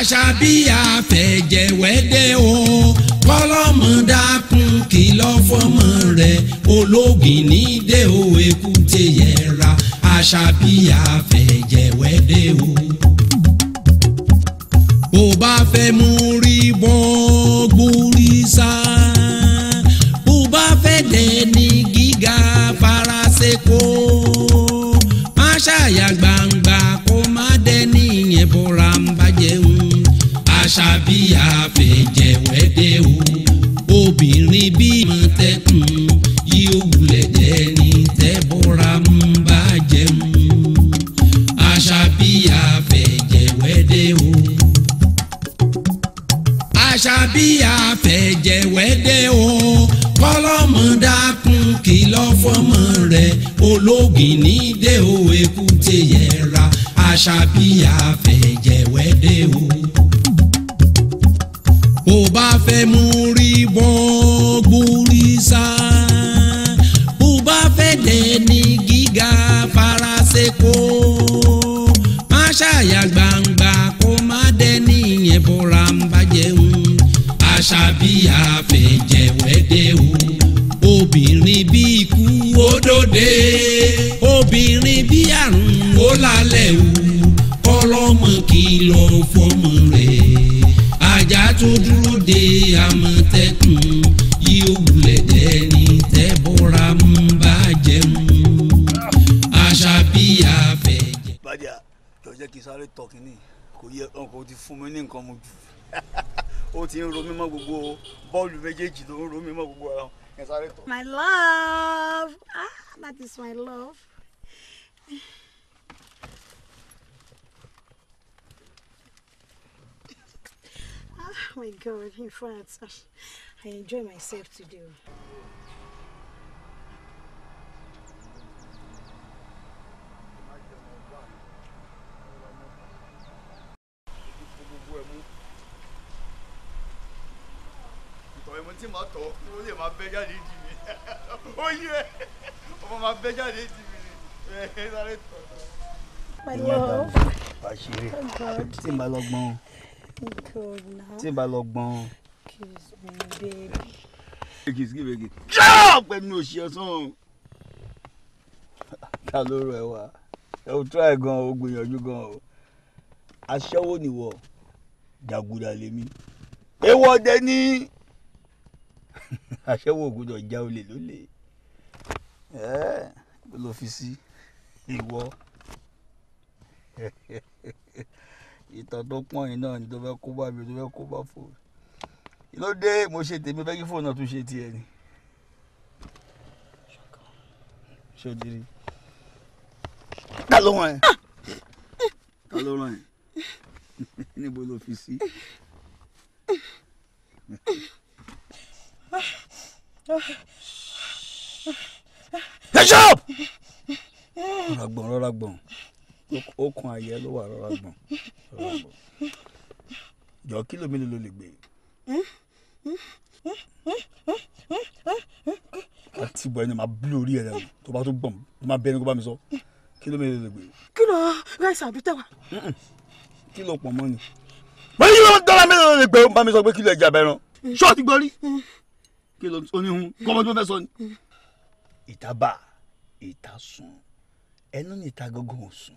Àṣàbí àfẹ̀jẹ̀wẹ́dẹ́ o kọ́lọ́mù dákun kìlọ̀ fọ́mọ rẹ̀ ológin nídé o èkúté yẹra Àṣàbí àfẹ̀jẹ̀wẹ́dẹ́ o. bó bá fẹ́ mú rí bọ́ gbórí sá bó bá fẹ́ dẹni gíga faraṣẹ́ kó má ṣàyàgbá. àṣàbí àfẹ̀jẹ̀wẹ́dẹ́ o obìnrin bímọ tẹkùn yóò wulẹ̀ jẹ́ ní tẹ́bọ́ra ń bá jẹun àṣàbí àfẹ̀jẹ̀wẹ́dẹ́ o àṣàbí àfẹ̀jẹ̀wẹ́dẹ́ o kọ́lọ́mọ dákun kìlọ̀ fọ́mọ rẹ̀ ológin ní dé o èkúté yẹra àṣàbí àfẹ̀jẹ̀wẹ́dẹ́ o bá fẹ́ mú rí wọ́n gbórí sá bó bá fẹ́ dẹni gíga faraṣe kó má ṣàyà gbangba kó má dẹni yẹn bọ́ra ń bàjẹ́ ń àṣà bí àfẹ̀jẹ̀wẹ́dẹ́ o obìnrin bí ikú ó obìnrin bí àrùn ó lálẹ́ o kọ́lọ́mọ kìlọ̀ fọ́mọ rẹ̀ ajá tó dúró de àmọ̀tẹ́kùn yóò wulẹ̀ dẹ́ni tẹ́ bọ́ra mú bá jẹun àṣà bí àfẹ́. bàjá jọ jẹ́ kí sáré tọ́ kínní kò yẹ ọkọ̀ ti fún mi ní nǹkan mu jù ó ti ń ro mímọ́ gbogbo bọ́ọ̀lù méjèèjì ló ń ro mímọ́ gbogbo ara ẹ̀ sáré tọ́. my love ah that is my love. Oh my God, in fact, I enjoy myself to do. Oh my love. ó lè Good now. Tí bá lọ gbọ́n. Kiss me baby. Kiss me baby. Jọ́ pẹ̀lú òṣì ọ̀sán. Ta ló rọ ẹ wá? Ẹ ò try gan o, gbìyànjú gan o. Aṣẹ́wó nìwọ, jàgùdà lèmi. Ewọ́ ọdẹ ní. Aṣẹ́wó ògùdọ̀ já olè lólè. Ẹ́ẹ̀ ló fi sí ìwọ. ìtàn tó pọ́n yìí náà ni tó fẹ́ kó bá mi tó fẹ́ kó bá fòun kí ló dé mo ṣe tèmi fẹ́ kí fóònù náà tún ṣe tiẹ̀ ni. ṣòdìrí ta ló rán ẹ ta ló rán ẹ níbo ló fi sí. ẹ ṣọ́ọ̀bù rọra gbọ̀n rọra gbọ̀n okùn ayẹ ló wà rọra gbọ̀n rọra gbọ̀n jọ kílò mélòó ló lè gbé. àti ìgbà yẹn máa bílò orí ẹ̀ rẹ̀ tó bá tó gbọ̀n tó máa bẹ́ẹ̀ ni kó bá mi sọ kílò mélòó ló lè gbé. kílò ráìsì àbí tẹ̀wà. kílò pọ̀ mọ́ ni. mo ní yóò dọ́là mélòó ló lè gbé bá mi sọ pé kílò ẹja bẹ̀rẹ̀ ṣọ́ọ̀tì gbọ́rí kílò oníhun kọ́mọ́ tó fẹ́ sọ ni. Mm. ìta bá ìta sùn ẹnu ní ìta gógó ò sùn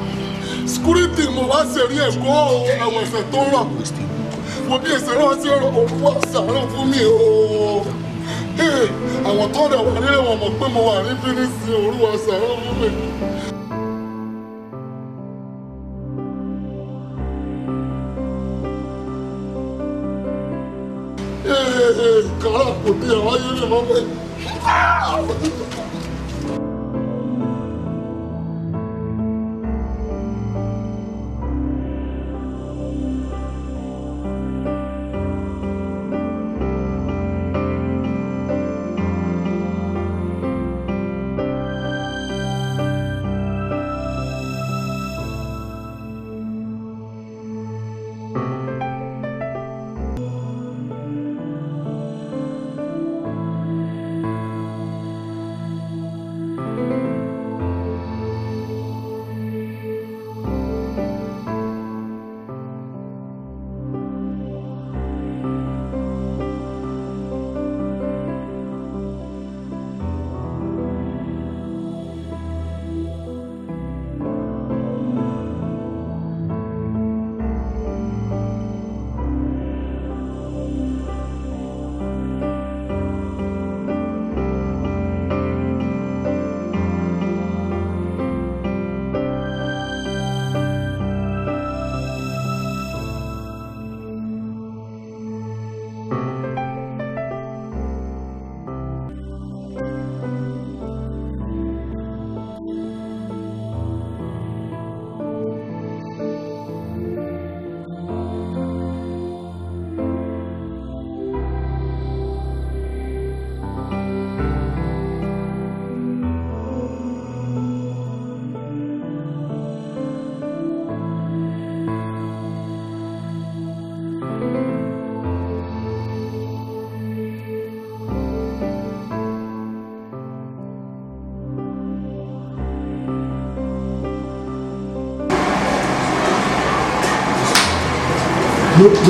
síkúrìtì mo wá sẹ̀rí ẹ̀kọ́ àwọn ẹ̀sẹ̀ tó rọ̀ wo bí ẹ̀sẹ̀ náà ti rọ̀ òun wá sàárọ̀ fún mi o àwọn tó dẹ̀ wà ní ẹ̀wọ̀n mọ̀ pé mo wà ní fínísì olúwa sàárọ̀ fún mi. Caraca, podia, olha ele, vamos ver.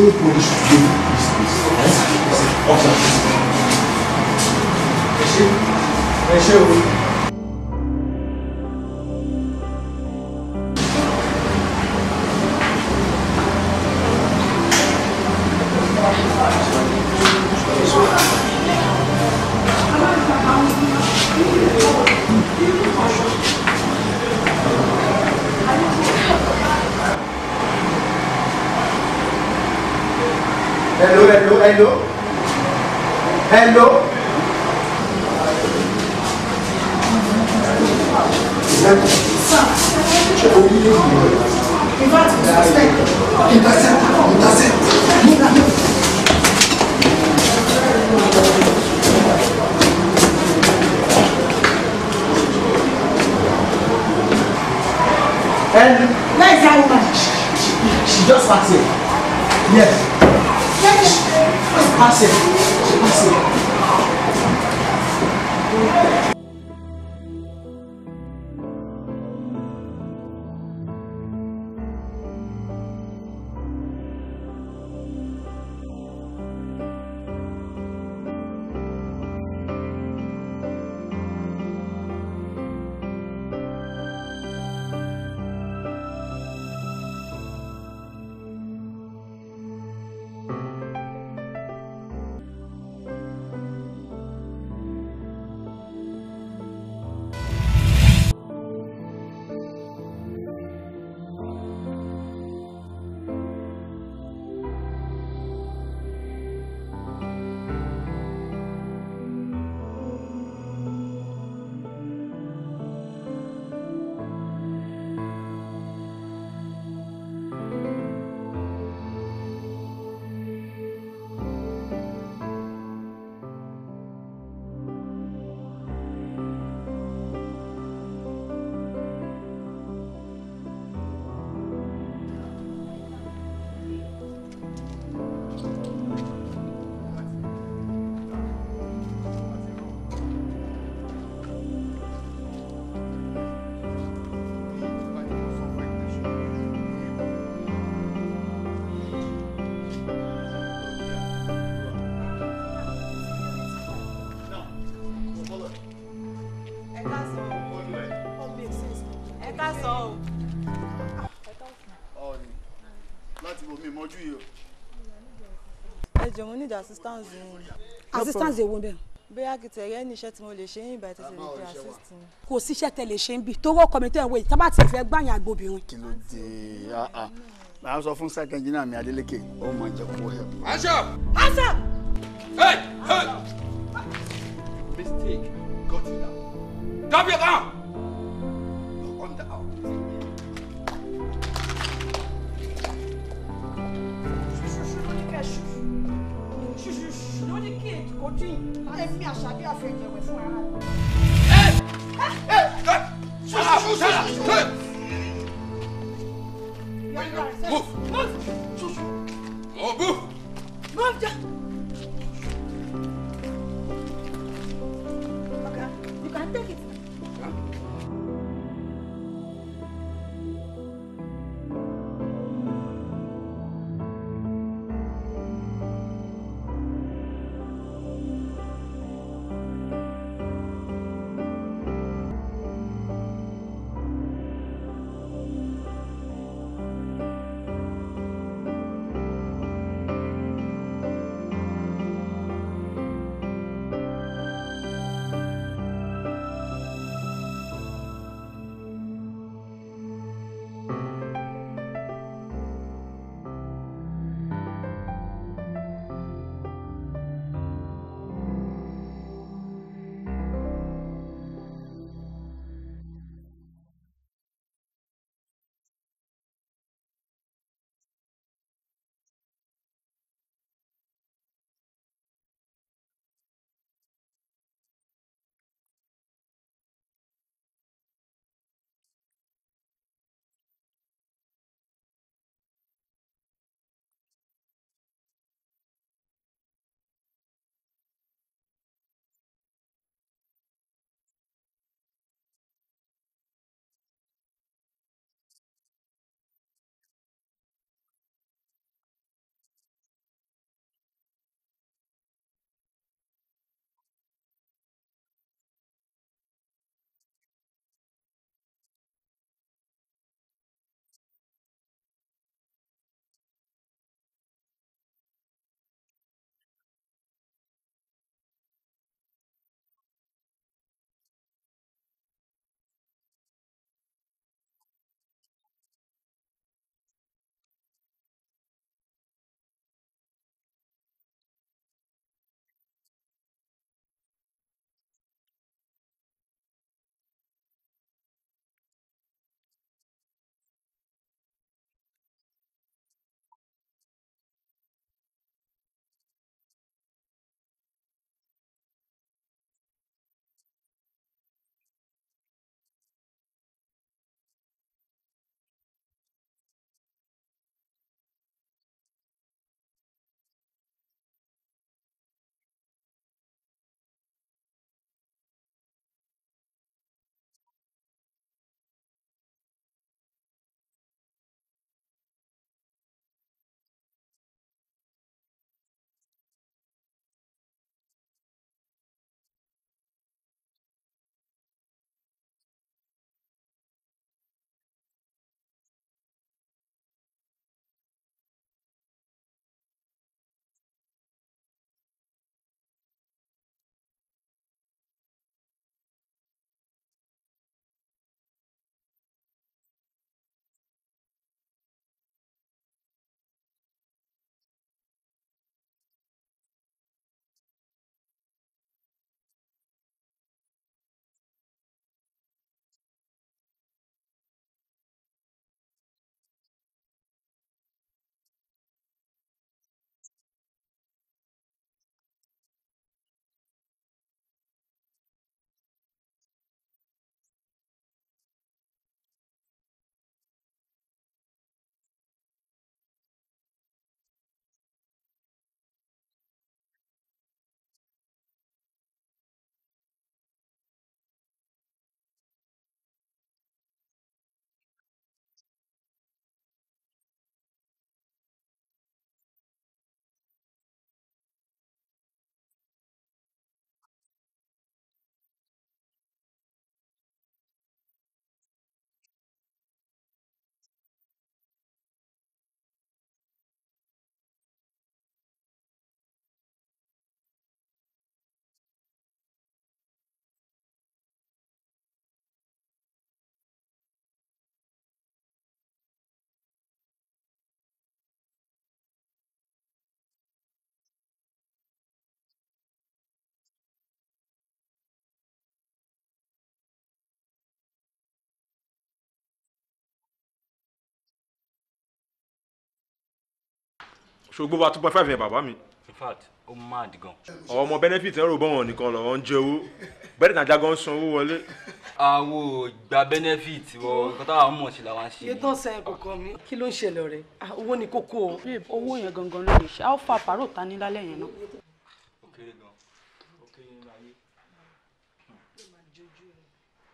duplos hello hello hello. Intercept, intercept, move that move. And where is that woman? She, she, she just passed it. Yes. パスパス assistance yìí. assistance èwo bẹ́ẹ̀. bóyá kìtì ẹ̀yẹ́ ní iṣẹ́ tí mo lè ṣe yín ìgbà tẹ̀sẹ̀ lè fi assist mi. kò síṣẹ́ tẹ lè ṣe ń bì tówó kọ́mi tẹ̀ ń wé tábà tí ìfẹ́ gbàyàn agbóbìnrin. kí ló dé ah, ah. màá sọ fún sẹ́kẹ̀ engineer mi Adélékè ó mọ̀ jẹ́ kó help. aṣọ. aṣọ. hey hey mistake got you down. drop your gun. kojú èmi àṣàbí àfẹ ìjẹwẹ fún ara mi. Move! Move! Move! Move! ṣògbó wa two point five yẹn bàbá mi. in fact ó mad gan. ọmọ benefit ẹ rò bọ́ wọn nìkan lọ́wọ́ ń jẹ owó bẹ́ẹ̀ tàjà gan san owó wọlé. àwo gba benefit wọ nǹkan táwa mọ̀ sí làwọn ṣe. yétọ́ sẹ́yìn kọ̀ọ̀kan mi kí ló ń ṣẹlẹ̀ rẹ̀ owó ni kókó o. babe owó yẹn gangan ló lè ṣe how far paro ta ní lálẹ́ yẹn náà. ó kéré gan ó kéré ní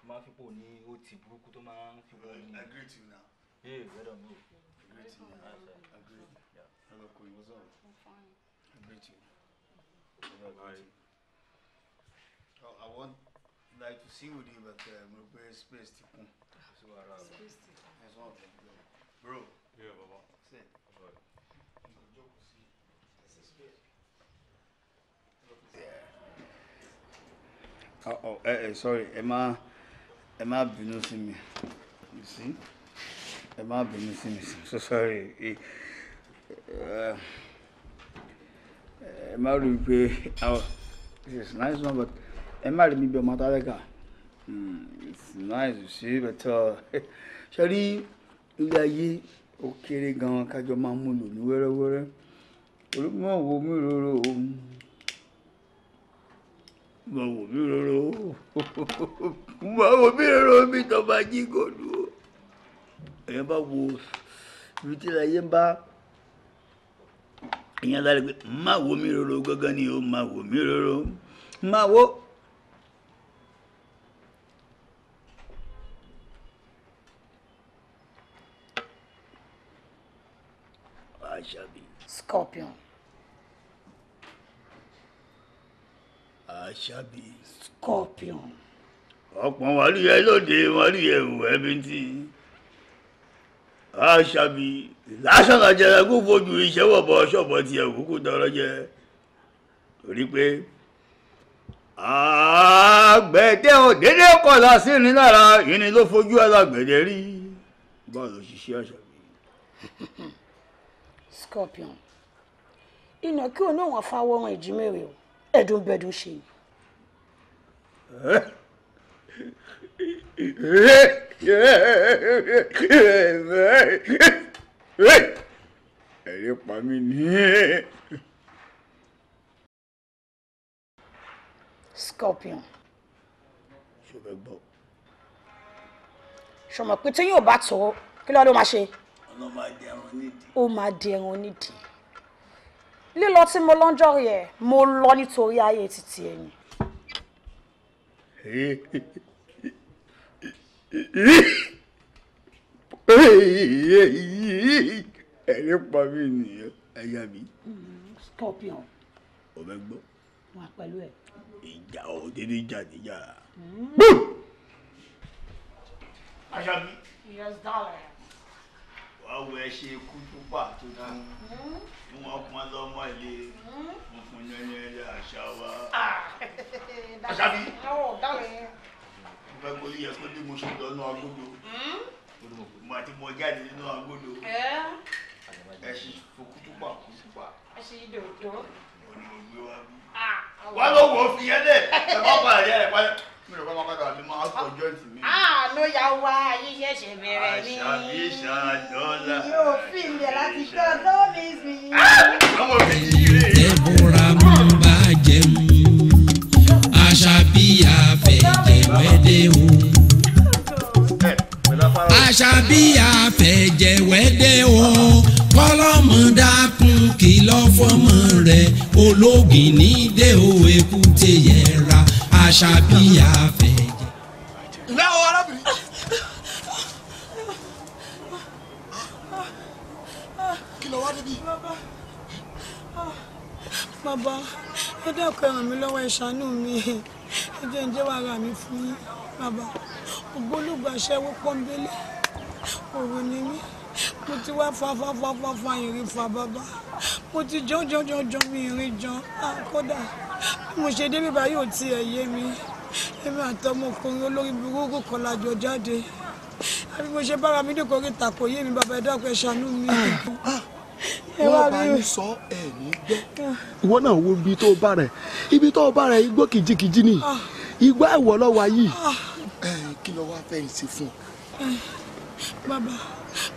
máa fi ní ó ti burúkú tó máa ń fi ní. agree to you now. ee gbẹ́dọ̀ mi you Oh, I want like to see with you, but uh, mo pe space ti kún. Space ti kún. That's one thing. Bro. Yeah, Baba. Say. Yeah. Uh oh, eh, eh, sorry, ẹ má, ẹ má bínú sí you see? Ẹ má bínú sí mi, so sorry. Uh, ẹ má it's nice one but ẹ má rí mi bí ọmọ tálákà hmm, it's nice you see but uh, ṣe rí ilé ayé ó kéré gan-an kájọ máa ń múlò ní wẹ́rẹ́wẹ́rẹ́ olùmọ̀ wo mi roro o mọ̀ wò mí roro o mọ̀ wò mí roro mi tọ́ bá jí gòlù o èèyàn bá wo ibi tí ilé ayé ń bá ìyẹn dáre pé má wo mí roro gángan ni o má wo mí roro má wo. Àṣàbí. scorpion. Àṣàbí. scorpion. ọ̀pọ̀ wàlúùyẹ lóde wàlúùyẹ òwò ẹbí tí àṣàbí lásàkà jẹrẹ kó fojú iṣẹ́ wọ̀bọ ṣọ̀bọ tiẹ̀ òkúkú tọrọ jẹ torí pé àgbẹ̀dẹ òdédé kọlà sí ní lára yìí ni ló fojú alágbẹ̀dẹ rí báwo ló ṣiṣẹ́ àṣàbí. scorpion iná kí o náà wọn fáwọ ọrùn ìjímèrè o ẹdùnbẹdùn ṣe ni. ẹ̀rí pa mí ní. scorpion. ṣó fẹ́ gbọ́. ṣọmọ pé tí yóò bá tó kí ló ló máa ṣe. ọ̀nà máa di ẹran nídìí. ó máa di ẹran nídìí. lílọ tí mo lọ́njọ́ yẹ mo lọ nítorí ayé títí ẹ̀yìn. ẹni pa mí nìyẹn ẹyà mi. Mm-hmm. scorpion. o bẹ gbọ́. wà pẹ̀lú ẹ. ìjà ò dédé jà níjà. Mm-hmm. Àṣàbí. yes darling. wàá wọ ẹ ṣe ikú tó pa tó dá ní mm-hmm. wọn pọn lọmọ ilé wọn fún yẹn ní ẹyà àṣà wa. Ah. Àṣàbí fẹ́ kó yẹ kó ní mo sùn lọ́nà agodo mo hmm? àti mo jáde nínú agodo eh? ẹ̀sìn fokutu pa kutu pa. ẹ̀sìn ìdòdó. olùgbé wa bí. Ah, ah, wọ́n ló wò fi yẹn dẹ̀ ẹ̀ má bàa rí ẹ̀ pálẹ̀ mi ò kọ́ padà ah, mi máa kọ jọ́ǹtì mi. àánú ya wá ayé ṣẹ̀ṣẹ̀ bẹ̀rẹ̀ ni. àṣàbí ṣàdọ́là. yóò fi ilẹ̀ láti tọ́ lómi sí. ọmọ mi yí rè é. Àṣàbí àfẹ̀jẹ̀wẹ́dẹ́ o kọ́lọ́mù dákun kìlọ̀ fọ́mọ rẹ̀ ológin ní dé o èkúté yẹra Àṣàbí àfẹ̀jẹ̀. ǹlẹ́ o arábìnrin. kí ló wá débi. bàbá ẹ dákun ẹ ràn mí lọ́wọ́ ẹ ṣàánú mi ẹ jẹ́ ǹjẹ́ wàá rà mí fún yín bàbá ògbólógbò aṣẹ́wó pọ́ńbélé òru ni mí mo ti wá fa fa fa fa fa ìrìn fa bàbá mo ti jọ́ jọ́ jọ́ jọ́ mi ìrìn jọ́ ah, kódà mo ṣe débi báyìí ò tiẹ̀ yé mi èmi àtọmọkùnrin olórí burúkú kan lájọ jáde àbí mo ṣe bára mi dìkọ̀ orí ìtàkò yé mi bàbá ẹ̀dá ọ̀pẹ ṣàánú mi. Ah, ah, wọ́n bá ń sọ ẹ̀mí gbọ́. ìwọ náà wo ibi tó bá rẹ̀ ibi tó bá rẹ̀ igbó kìjikìji ni igbá ẹ̀wọ̀ lọ́wọ́ yìí. kí ló wá fẹ́ ṣe fún ọ bàbá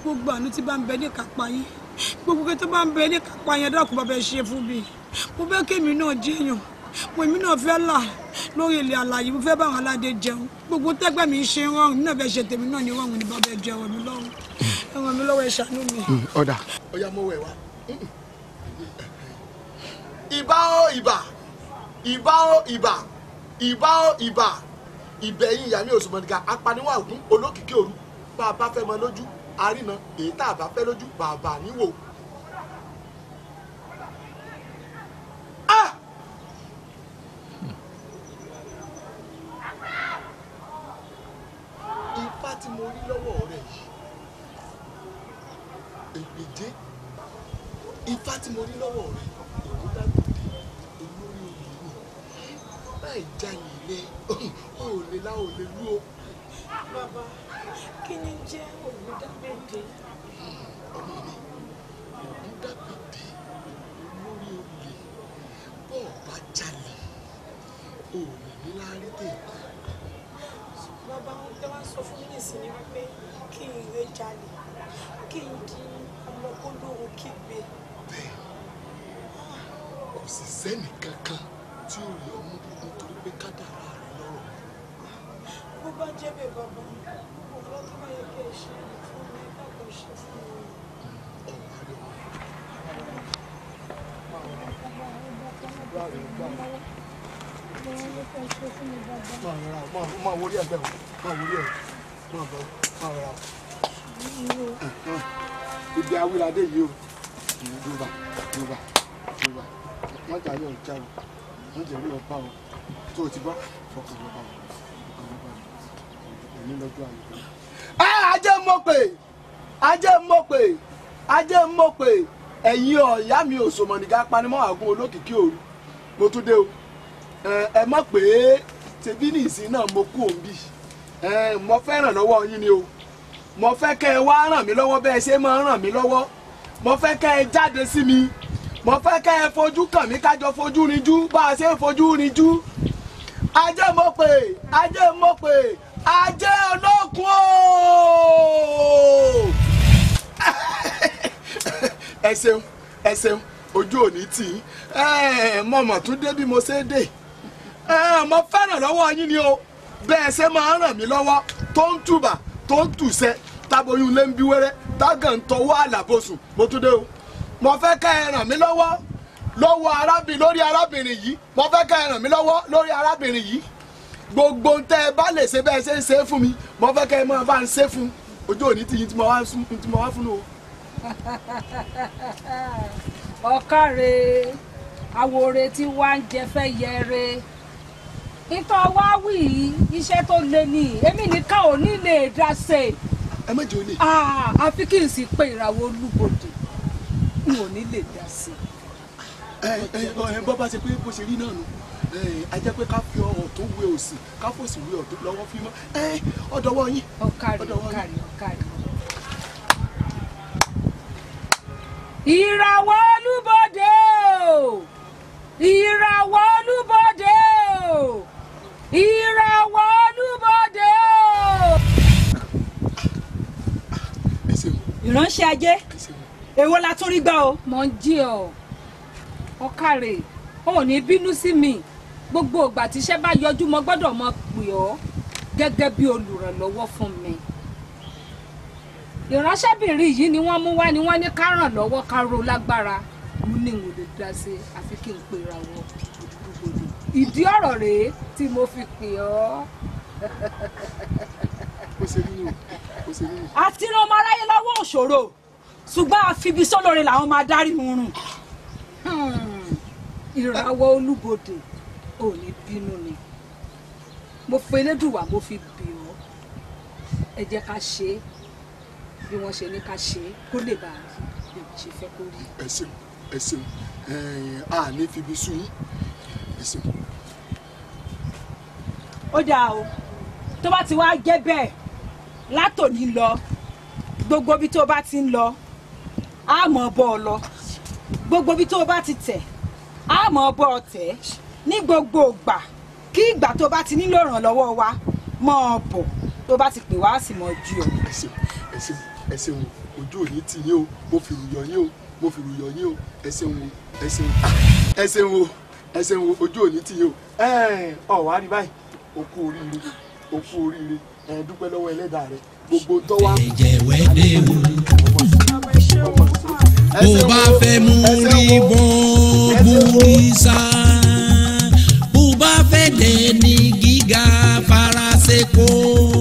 gbogbo àánú tí bá ń bẹ ní ìkápá yín gbogbo kí tó bá ń bẹ ní ìkápá yín dákun bàbá ẹ ṣe fún mi mo fẹ́ kí èmi náà jẹyàn mo èmi náà fẹ́ là lórí ilẹ̀ àlàyé mo fẹ́ bá àwọn aládé jẹun gbogbo tẹ́gbẹ́ mi ṣe rọrùn mi náà fẹ́ ṣe tèmi náà ní rọrùn ní bàbá ẹ jẹ ẹ̀rọ mi lọ́rùn ẹ̀rọ mi lọ́wọ́ ẹ ṣàánú mi. ọ̀dà mm, ọ̀yà mo wẹ̀ wá ìbà ó ìbà ìbà ó ìbà ìbà ìbà ìbẹ̀yìn ìyá mi òṣùmọ̀nìkà apanìwàgún olókìkí òru bá a bá fẹ́ mọ lójú àrínà èyí tá a bá fẹ́ lójú bàbá níwò. Ah! ipá tí mo rí lọ́wọ́ rẹ̀ yìí ègbèje ipá tí mo rí lọ́wọ́ rẹ̀ èwo dágbòde olórí olùwò láì jalè rẹ̀ òòlè láòlè lú o. bàbá kí ni jẹ́ Olùdágbèdé? ọmọ mi Olùdágbèdé olórí olè bọ́ ọba jalè òòlù ńlá rí tèkó. bàbá wọn tẹ́ wá sọ fún mi nísìnyí wípé kí n ré jalè kí n di ọmọkólóró kígbe. bẹ́ẹ̀ kò sì sẹ́nì kankan tí ó yọ ọmọ nítorí pé kádàrá rẹ̀ lọ́rọ̀. bó bá jẹ́ bẹ́ẹ̀ bàbá mi máa wọlé ẹgbẹ́ o máa wọlé ẹ máa bọ máa rà o. ibi awilade yìí o yorùbá yorùbá yorùbá wọn jà yọ ọjà o wọn jẹ orí ọba o tó o ti bá fọkàn lọba o. Ah, ajé mo pè ajé mo pè ajé mo pè ẹ̀yin ọ̀yá mi ò sòmọ̀nìgá panimọ́ àgún olókìkí òru mo tún dé o ẹ mọ̀ pé tèbí ní ìsìn náà mo kú òǹbì mo fẹ́ ràn lọ́wọ́ yín ni o mo fẹ́ kẹ́ ẹ wá ràn mí lọ́wọ́ bẹ́ẹ̀ ṣe máa ràn mí lọ́wọ́ mo fẹ́ kẹ́ ẹ jáde sí mi mo fẹ́ kẹ́ ẹ fojú kàn mí kájọ fojú rinjú bá a ṣe fojú rinjú ajé mo pè ajé ajé olókun o. ẹ ṣeun ẹ ṣeun ojú òní tì í mọ̀mọ̀ tún dé bí mo ṣe dé mo fẹ́ràn lọ́wọ́ yín ni o bẹ́ẹ̀ ṣe máa ń ràn mí lọ́wọ́ tó ń tùbà tó ń tùṣẹ́ táboyún lé ń bí wẹ́rẹ́ tágàn ń tọwọ́ àlàbòsùn mo tún dé o mo fẹ́ ká ẹ ràn mí lọ́wọ́ lọ́wọ́ arábìnrin lórí arábìnrin yìí mo fẹ́ ká ẹ ràn mí lọ́wọ́ lórí arábìnrin yìí gbogbo tẹ́ ẹ bá lè ṣe bẹ́ẹ̀ ṣe ń ṣe fún mi mo fẹ́ kẹ́ ẹ mọ́ bá ń ṣe fún ojú òní tìyín tí mo wá fún o. ọ̀kàrẹ̀ àwòrè tí wá ń jẹ fẹ́ yẹre ìtàn wá wì í iṣẹ́ tó le ni èmi nìkan ò ní lè dá ṣe. ẹ má jẹ́ olè. àfi kí n sì pe ìràwọ̀ olúbodè n ò ní lè dá ṣe. ẹ ẹ bọ́ bá ṣe pé bó ṣe rí náà nù. Eh, a jẹ́ pé ká fi ọ̀rọ̀ tó wé òsì ká fòsì wé ọ̀tún lọ́wọ́ fi mọ́ eh, ọ̀dọ̀wọ́ yín. ọ̀kàrí ọ̀kàrí ọ̀kàrí. ìràwọ̀ olúbodè ìràwọ̀ olúbodè ìràwọ̀ olúbodè. ìránṣẹ́ ajé èwo la tún rí gbà o. mo ń jí ọ ọkàrè ò ní bínú sí mi gbogbo ìgbà tí iṣẹ́ bá yọjú mo gbọ́dọ̀ mọ pè ọ́ gẹ́gẹ́ bí olùrànlọ́wọ́ fún mi ìránṣẹ́bìnrin yìí ni wọ́n mú wá ni wọ́n ní ká ràn lọ́wọ́ ká ro lágbára mo ní ìwò lè dá sí àfi kí n pera wọn ìdúgbòdì ìdí ọ̀rọ̀ rèé tí mo fi pè ọ́. àti ran ọmọ aráyé lọ́wọ́ òṣòro ṣùgbọ́n àfibi làwọn máa dárí oorun. Hmm. ìràwọ̀ olúbodè ò ní bínú ni mo fi elédùwà mo fi bì ọ́ ẹ jẹ́ ká ṣe é bí wọ́n ṣe ní ká ṣe é kó lè bá bí wọ́n ṣe fẹ́ kó rí. ẹ ṣeun ẹ ṣeun a ní fibi sùn ẹ ṣeun. ó dáa o tó bá ti wá jẹ́ bẹ́ẹ̀ látòní lọ gbogbo bí tó bá ti ń lọ á mọ̀ bọ́ ọ lọ gbogbo bí tó bá ti tẹ̀ á mọ̀ bọ́ ọ tẹ̀ ní gbogbo ìgbà kí ìgbà tó bá ti nílò ìrànlọ́wọ́ wa mọ́ ọ bọ̀ tó bá ti pè wá sì mọ́ ju ọ. ẹ ṣeun ojú ò ní yín o mo fi rùyọ̀ yín o mo fi rùyọ̀ yín o ẹ ṣeun ẹ ṣeun ẹ ṣeun ẹ ṣeun ojú ò ní yín o. ọ wá rí báyìí o kú oríire o kú oríire ẹ dúpẹ́ lọ́wọ́ ẹlẹ́dàá rẹ gbogbo tó wá. ẹ̀jẹ̀ wẹ́dẹ̀ o bó bá fẹ́ mú rí bọ́ọ̀ bú sáà. Maricô.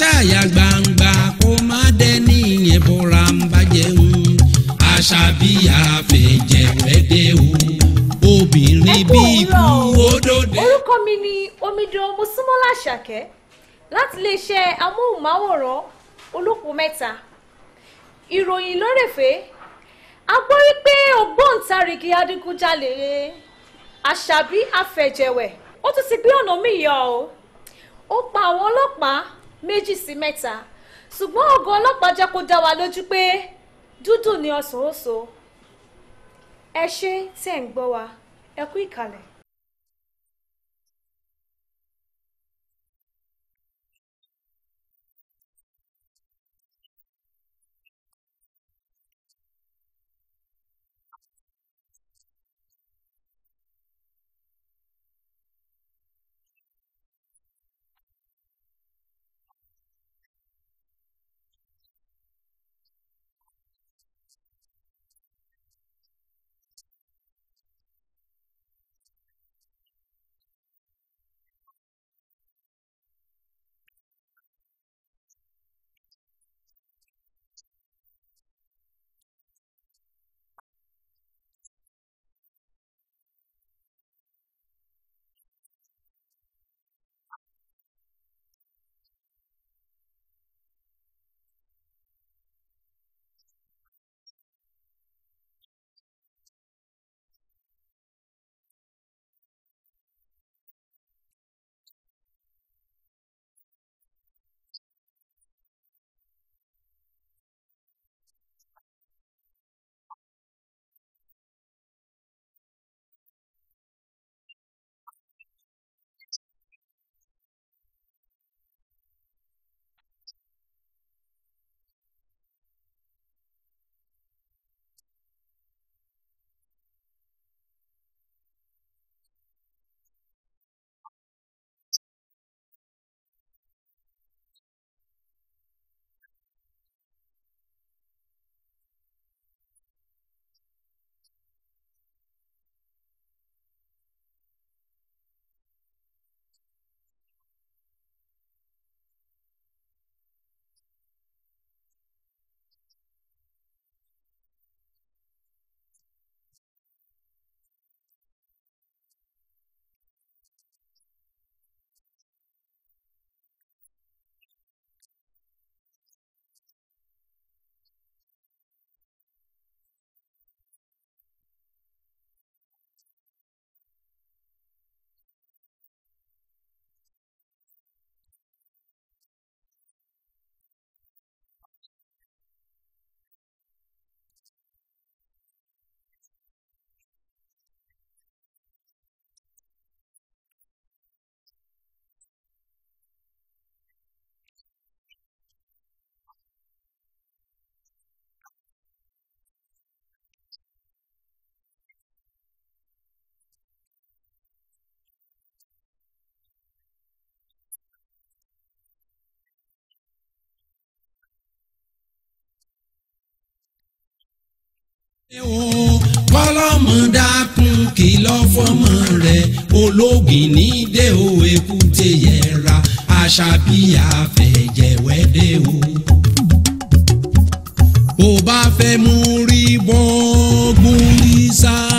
ṣàyà gbangba kó má dẹni yẹn bọ́ra ń bàjẹ́ o Àṣàbí àfẹ̀jẹ̀ pẹ́dẹ́ o obìnrin bí ikú òdòdó. orúkọ mi ni omidan mosúnmọ́lá àṣàkẹ́ láti iléeṣẹ́ amóhùnmáwòrán olóko mẹ́ta ìròyìn lórèfé a gbọ́ wípé ògbóǹtarìgì adigunjalè Àṣàbí àfẹ̀jẹ̀wẹ̀ ó tún ti gbé ọ̀nà míì yọ o ó pa àwọn ọlọ́pàá méjì sí mẹ́ta ṣùgbọ́n ọ̀gá ọlọ́pàá jẹ́ kó dá wa lójú pé dúdú ni ọsàn ó so ẹ ṣé tẹ̀ ń gbọ́ wa ẹ kú ìkàlẹ̀. kọ́lọ́mù dákun kìlọ̀ fọ́mọ rẹ̀ ológin ní dé o èkúté yẹra àṣàbí àfẹ̀jẹ̀wẹ́dẹ́ o. bó bá fẹ́ mú rí bọ́ọ̀gùn yìí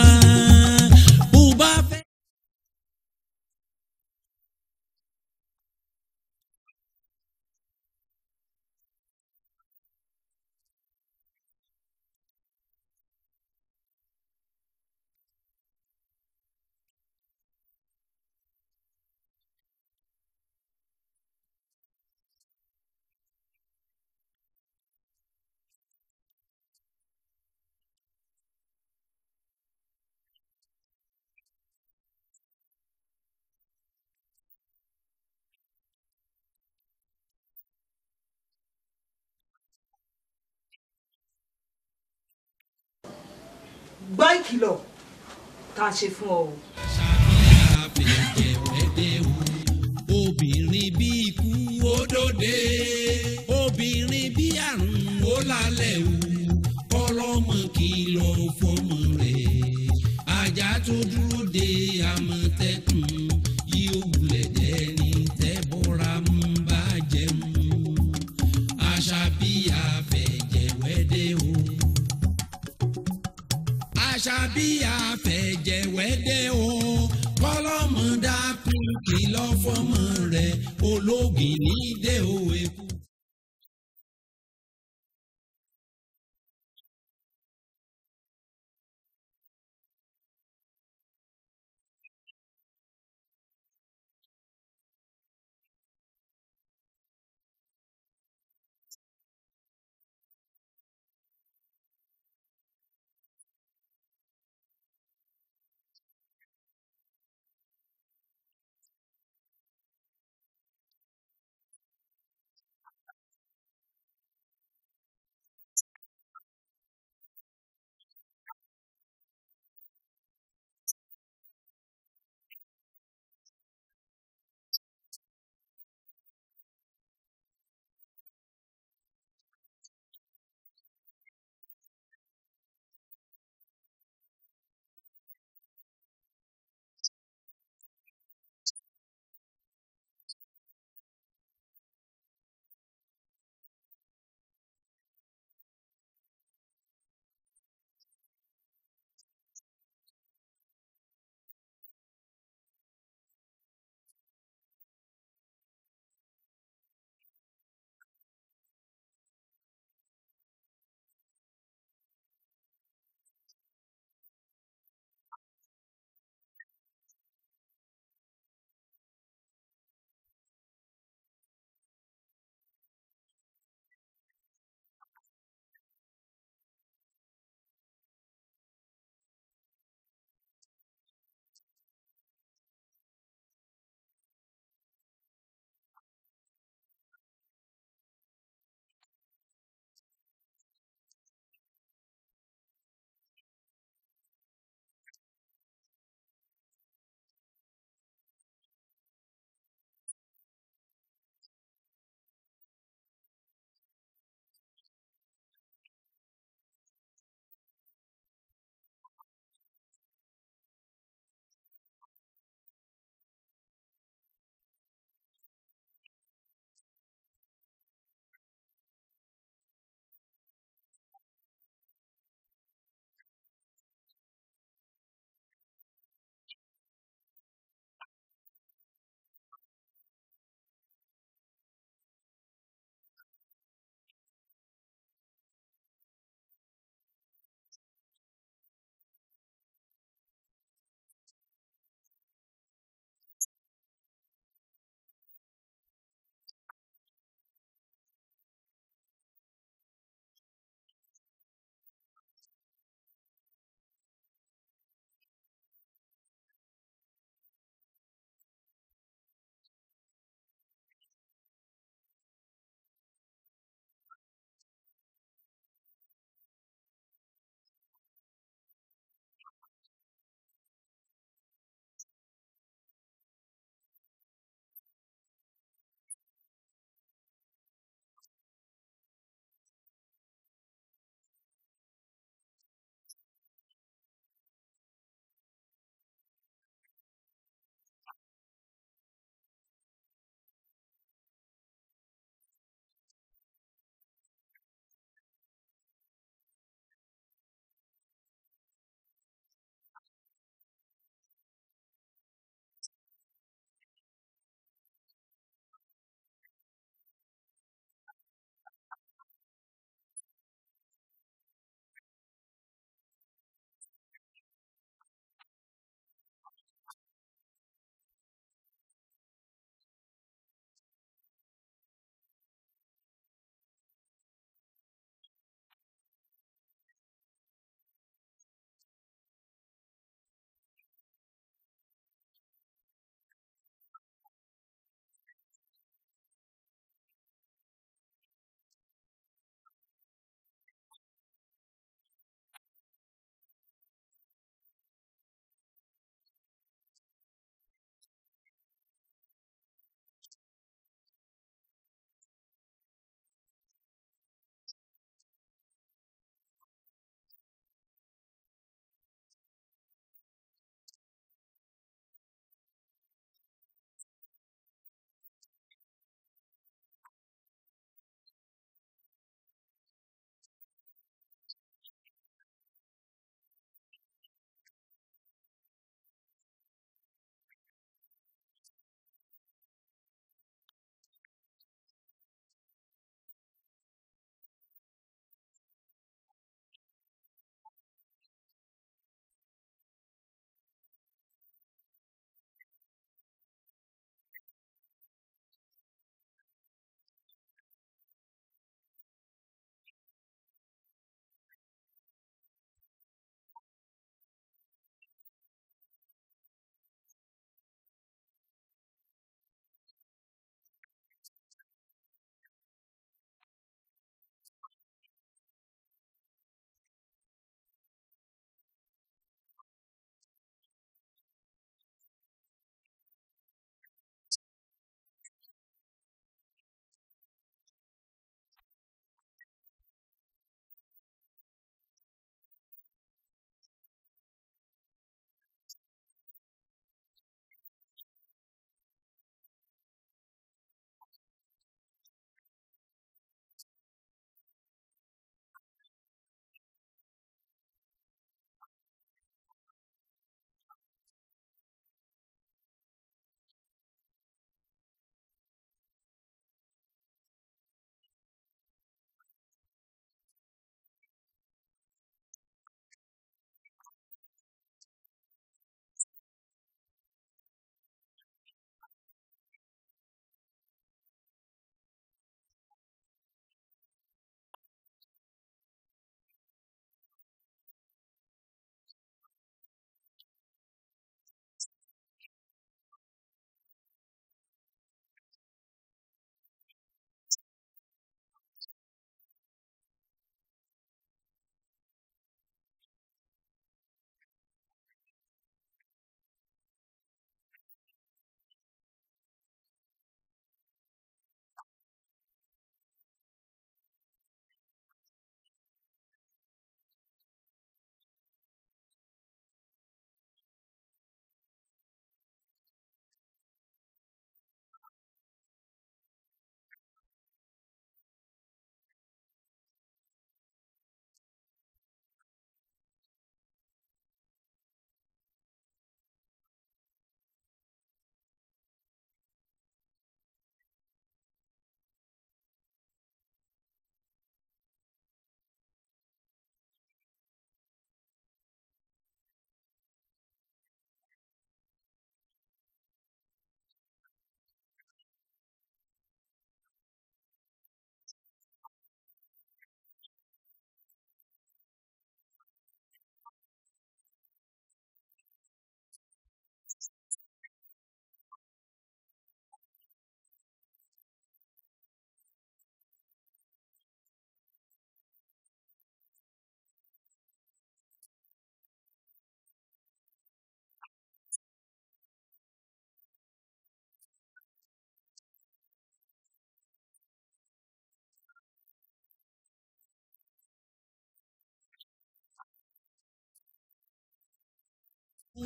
gbọ́ ìkìlọ̀ tá a ṣe fún ọ obìnrin bí ikú ó obìnrin bí àrùn ó lálẹ́ o kọ́lọ́mọ kìlọ̀ fọmọ rẹ̀ ajá tó dúró de àmọ́. àṣàbí àfẹ̀jẹ̀wẹ́dẹ́ o kọ́lọ́mù dákun kìlọ̀ fọ́mọ rẹ̀ ológin ní dé òwe kú.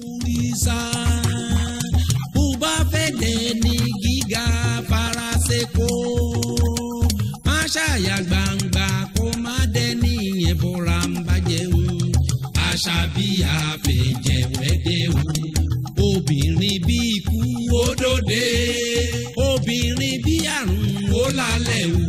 òrìṣà àbúbáfẹ́dẹ̀ ní gíga faraṣe kó má ṣàyà gbangba kó má dẹ́ni ìyẹn bọ́ra ń bàjẹ́ o àṣà bí àfẹ̀jẹ̀ wẹ́dẹ̀ o obìnrin bí ikú ó dòde obìnrin bí àrùn ó lálẹ́ o.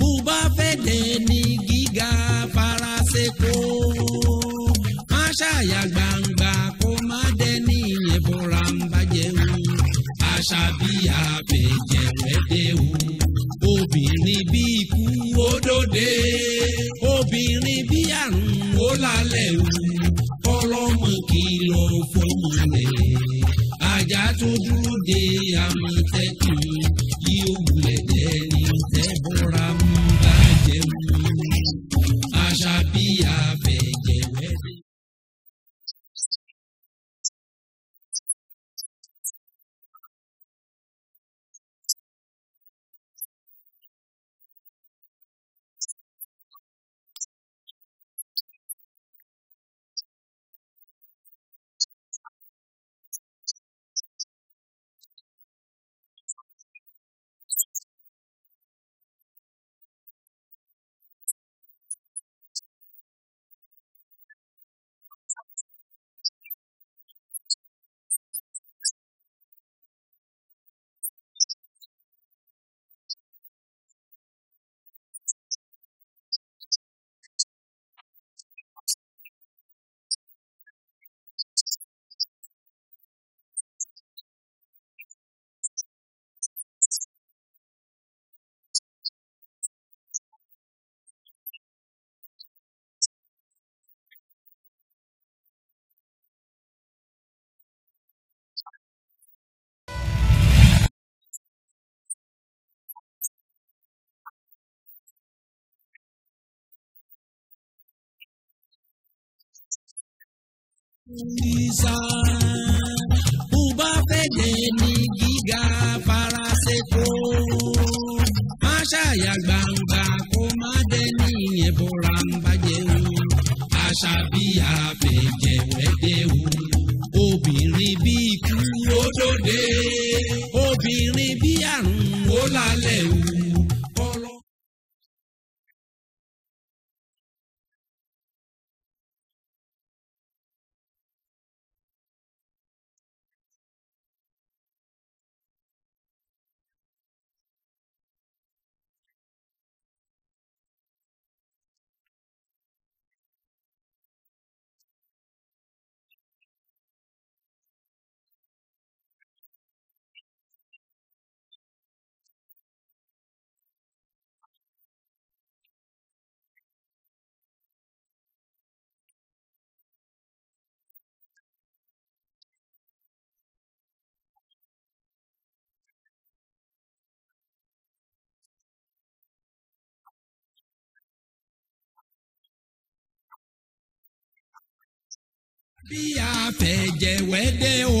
bó bá fẹ́ dẹni gíga faraṣẹ́ kó má ṣàyà gbangba kó má dẹni yẹn bọ́ra ń bàjẹ́ o àṣà bí abẹ́jẹ́ rẹ̀ dé o obìnrin bí ikú ó dòde obìnrin bí ajá tó dúró de àmọ̀tẹ́kùn wulẹ̀ lẹ́ni tẹ́ bọ́ra. sísá bùbá fẹ̀dẹ̀ faraseko má ṣàyà gbangba kó má dẹ́ni yẹn bọ́ra ń bàjẹ́ o àṣà bí àfẹ̀jẹ̀wẹ́dẹ́ bí àfẹ̀jẹ̀wẹ́dẹ́ o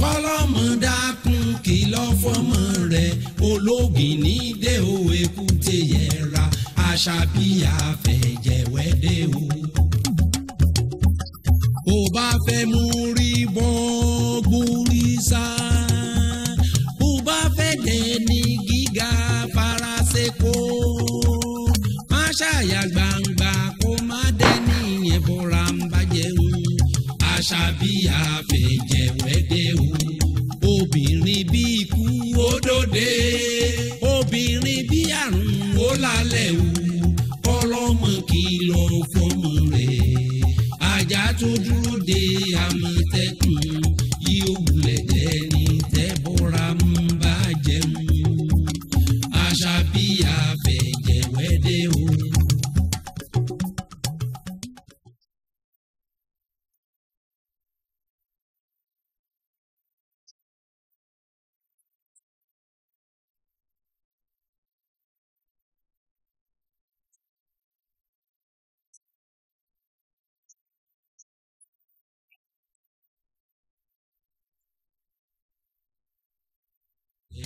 kọ́lọ́mù dákun kìlọ̀ fọ́mọ rẹ̀ ológìní dé o èkúté yẹra àṣà bí àfẹ̀jẹ̀wẹ́dẹ́ o. bó bá fẹ́ mú rí bọ́ gbórí sá bó bá fẹ́ dẹni gíga faraṣẹ́ kó má ṣàyà gbangba. àṣàbí àfẹ̀jẹ̀wẹ́dẹ́ o obìnrin bí ikú ó dòde obìnrin bí àrùn ó lálẹ́ o kọ́lọ́mọ kìlọ̀ fọ́mọ rẹ̀ ajá tó dúró de àmọ̀tẹ́kùn.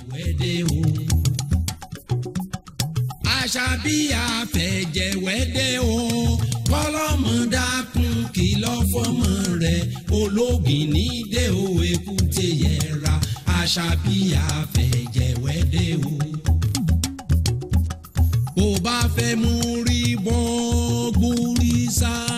àfẹ̀jẹ̀wẹ́dẹ́ o. Àṣàbí àfẹ̀jẹ̀wẹ́dẹ́ o kọ́lọ́mù dákun kìlọ̀ fọ́mọ rẹ̀ ológin nídé o èkúté yẹra Àṣàbí àfẹ̀jẹ̀wẹ́dẹ́ o. Bó bá fẹ́ mú rí bọ́ gbórí sáà.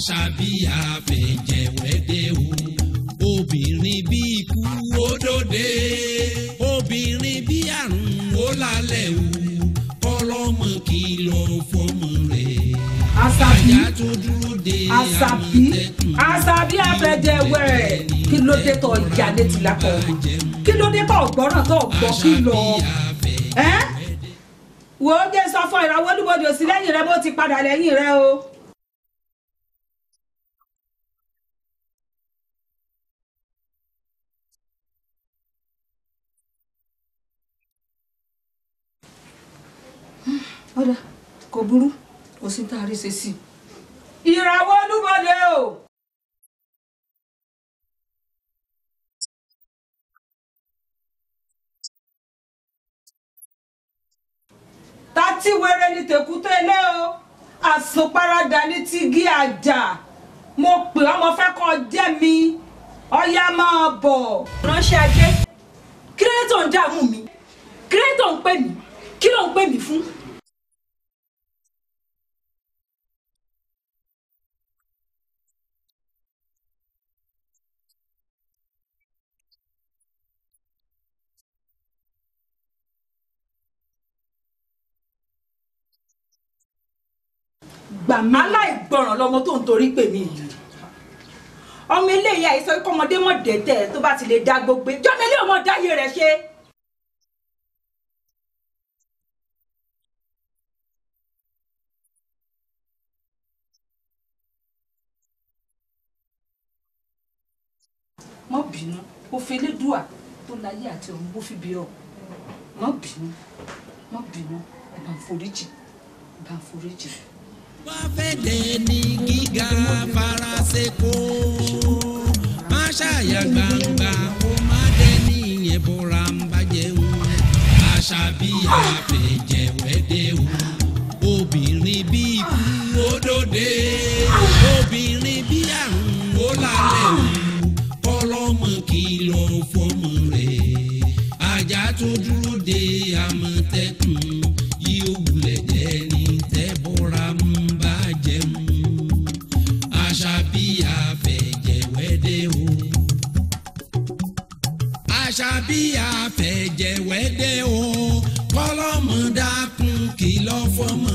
àṣàbí àfẹ̀jẹ̀wẹ́dẹ́ o obìnrin bí ikú ó dòde obìnrin bí àrùn ó lálẹ́ o kọ́lọ́mọ kìlọ̀ fọmọ rẹ̀ àṣàbí àṣàbí àṣàbí àfẹ̀jẹ̀wẹ́ kí ló dé tó ìyá létí lápò kí ló dé tó ọ̀gbọ́ràn tó ọ̀gbọ́ kìlọ̀ ẹ́ wò ó jẹ́ sọ fún ìràwọ́ olúbodò sí lẹ́yìn rẹ bó ti padà lẹ́yìn rẹ o. kò burú kò sí tá a rí ṣe sí ìràwọ̀ olúmọdé o. tati wẹrẹ ni tèkútẹ ilé o àsùnparadà ní tigi àjà mo pè ọmọ fẹ́ kan jẹ́ mi ọyá máa bọ̀. ránṣẹ́ ajé kí ń dààmú mi kí ń pè mí kí ló ń pè mí fún. aláìgbọràn lọmọ tó ń torí pè mí yìí ọmọ eléyìí àìsàn ikọ́mọdé mọ̀ dẹ́tẹ̀ tó bá ti lè dá gbogbo e. jọ́mi ilé ọmọ dáyé rẹ̀ ṣe. má bínú ó fi elédùà tó láyé àti ọ̀run bó fi bí ọ má bínú má bínú bá ń foríjì wá fẹ́dẹ̀ ní gíga faransé kó má ṣàyà gbangba ó má dé ní ìyẹn bóra ń bàjẹ́ o àṣà bí àfẹ̀jẹ̀ wẹ́dẹ̀ o obìnrin bí ikú ó dòde àṣàbí àfẹ̀jẹ̀wẹ́dẹ́ o kọ́lọ́mù dákun kìlọ̀ fọmọ.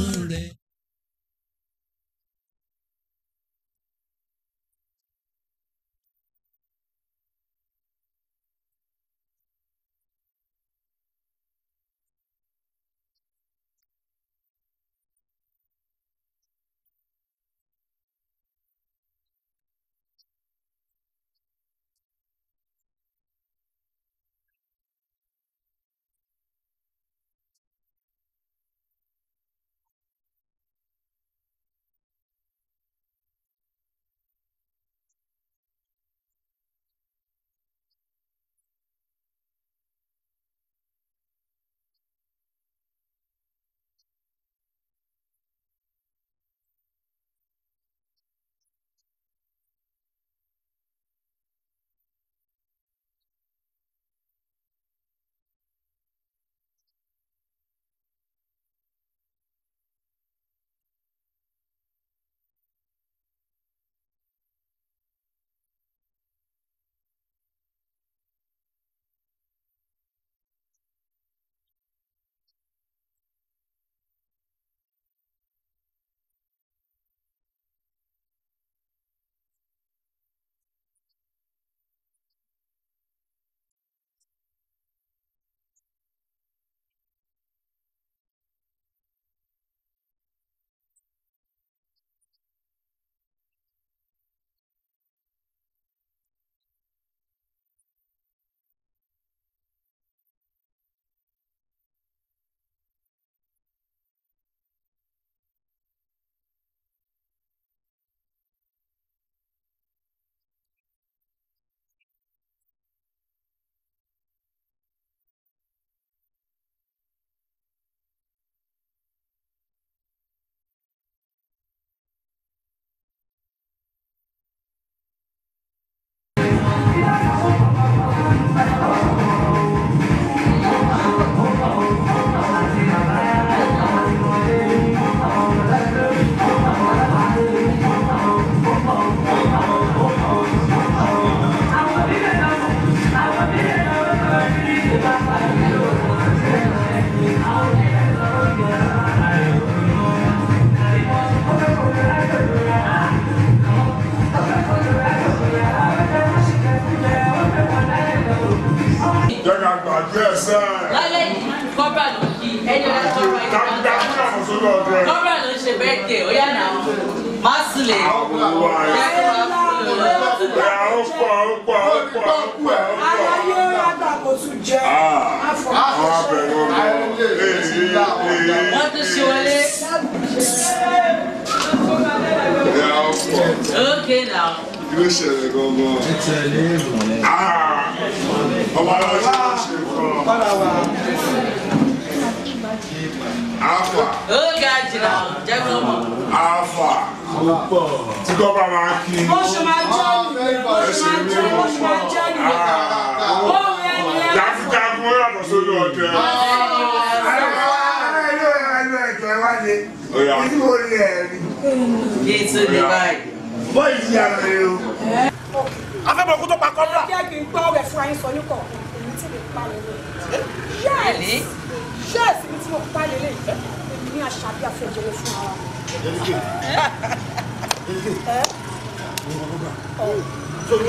so